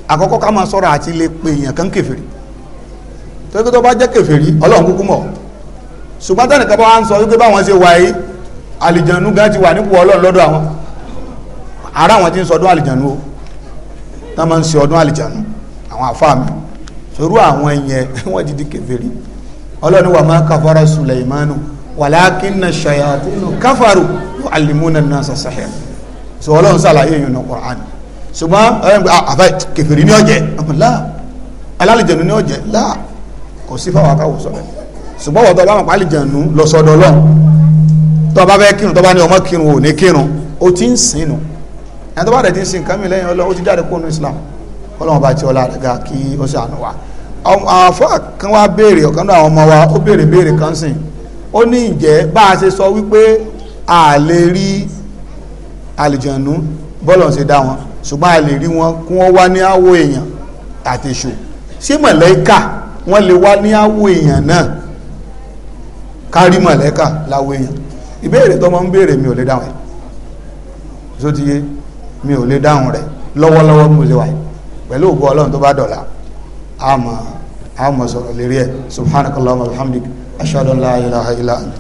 àkọ́kọ́ ká máa sọ́ra àti lè pè èèyàn kan kèfèrí tọ́jú tó bá jẹ́ kèfèrí ọlọ́run kúkú mọ̀ ṣùgbọ́n tẹ́nìkan bá wá ń sọ wípé báwọn ṣe wáyé àlìjànú gan ti wà nípò ọlọ́run lọ́dọ̀ àwọn ara àwọn tí ń sọdún àlìjànú o tá máa ń ṣe ọdún àlìjànú àwọn àfáà mi sorú àwọn yẹn wọ́n ti di kèfèrí ọlọ́ni wà máa kàfàrà sùlẹ̀mánu wàlákínà ṣayàtínú káfàrù alimúnà náà sàṣàṣà so ọlọ́run sàlàyé yìí nà Qur'an ṣùgbọ́n ọlọ́run pé ah, àfẹ́ kèfèrí ní ọ̀jẹ̀ láà alálìjẹ̀nu ní ọ̀jẹ̀ láà kò sí fáwọn akáwọ̀ sọ̀rọ̀ ṣùgbọ́n wọ́n tó bá wọn pa lọ sọ́dọ̀ ọlọ́run tó bá fẹ́ kírun tó bá ní ọmọ kírun ò ní kírun ó ti ń sìn nù ẹni tó bá rẹ̀ ti ń sin nǹkan mi lẹ́yìn ọlọ́run ó ti jáde kó nu islam kọ́lọ́wọ́n bá ti ọlá rẹ̀ ga kí ó ṣàánú wa àwọn kan wá béèrè ọ̀kan náà àwọn ọmọ wa ó béèrè béèrè kan sìn ó ní ìjẹ́ bá a ṣe sọ wípé a lè rí àlìjànú bọ́lọ̀ ṣe dá wọn ṣùgbọ́n a lè rí wọn kí wọ́n wá ní àwọ̀ èèyàn àti èṣù ṣé mọ̀lẹ́kà wọ́n lè wá ní àwọ̀ èèyàn náà kárí mọ̀lẹ́kà láwọ̀ èèyàn ìbéèrè tó máa ń béèrè mi ò lè dáhùn ẹ̀ sótìyé mi ò lè dáhùn rẹ̀ lọ́wọ́lọ́wọ́ mo ṣe wà yìí pẹ̀lú ògbó ọlọ́run tó bá dọ̀la àmọ́ àmọ́ sọ̀rọ̀ lérí ẹ̀ subhanakallahumma wa bihamdik ashhadu an la ilaha illa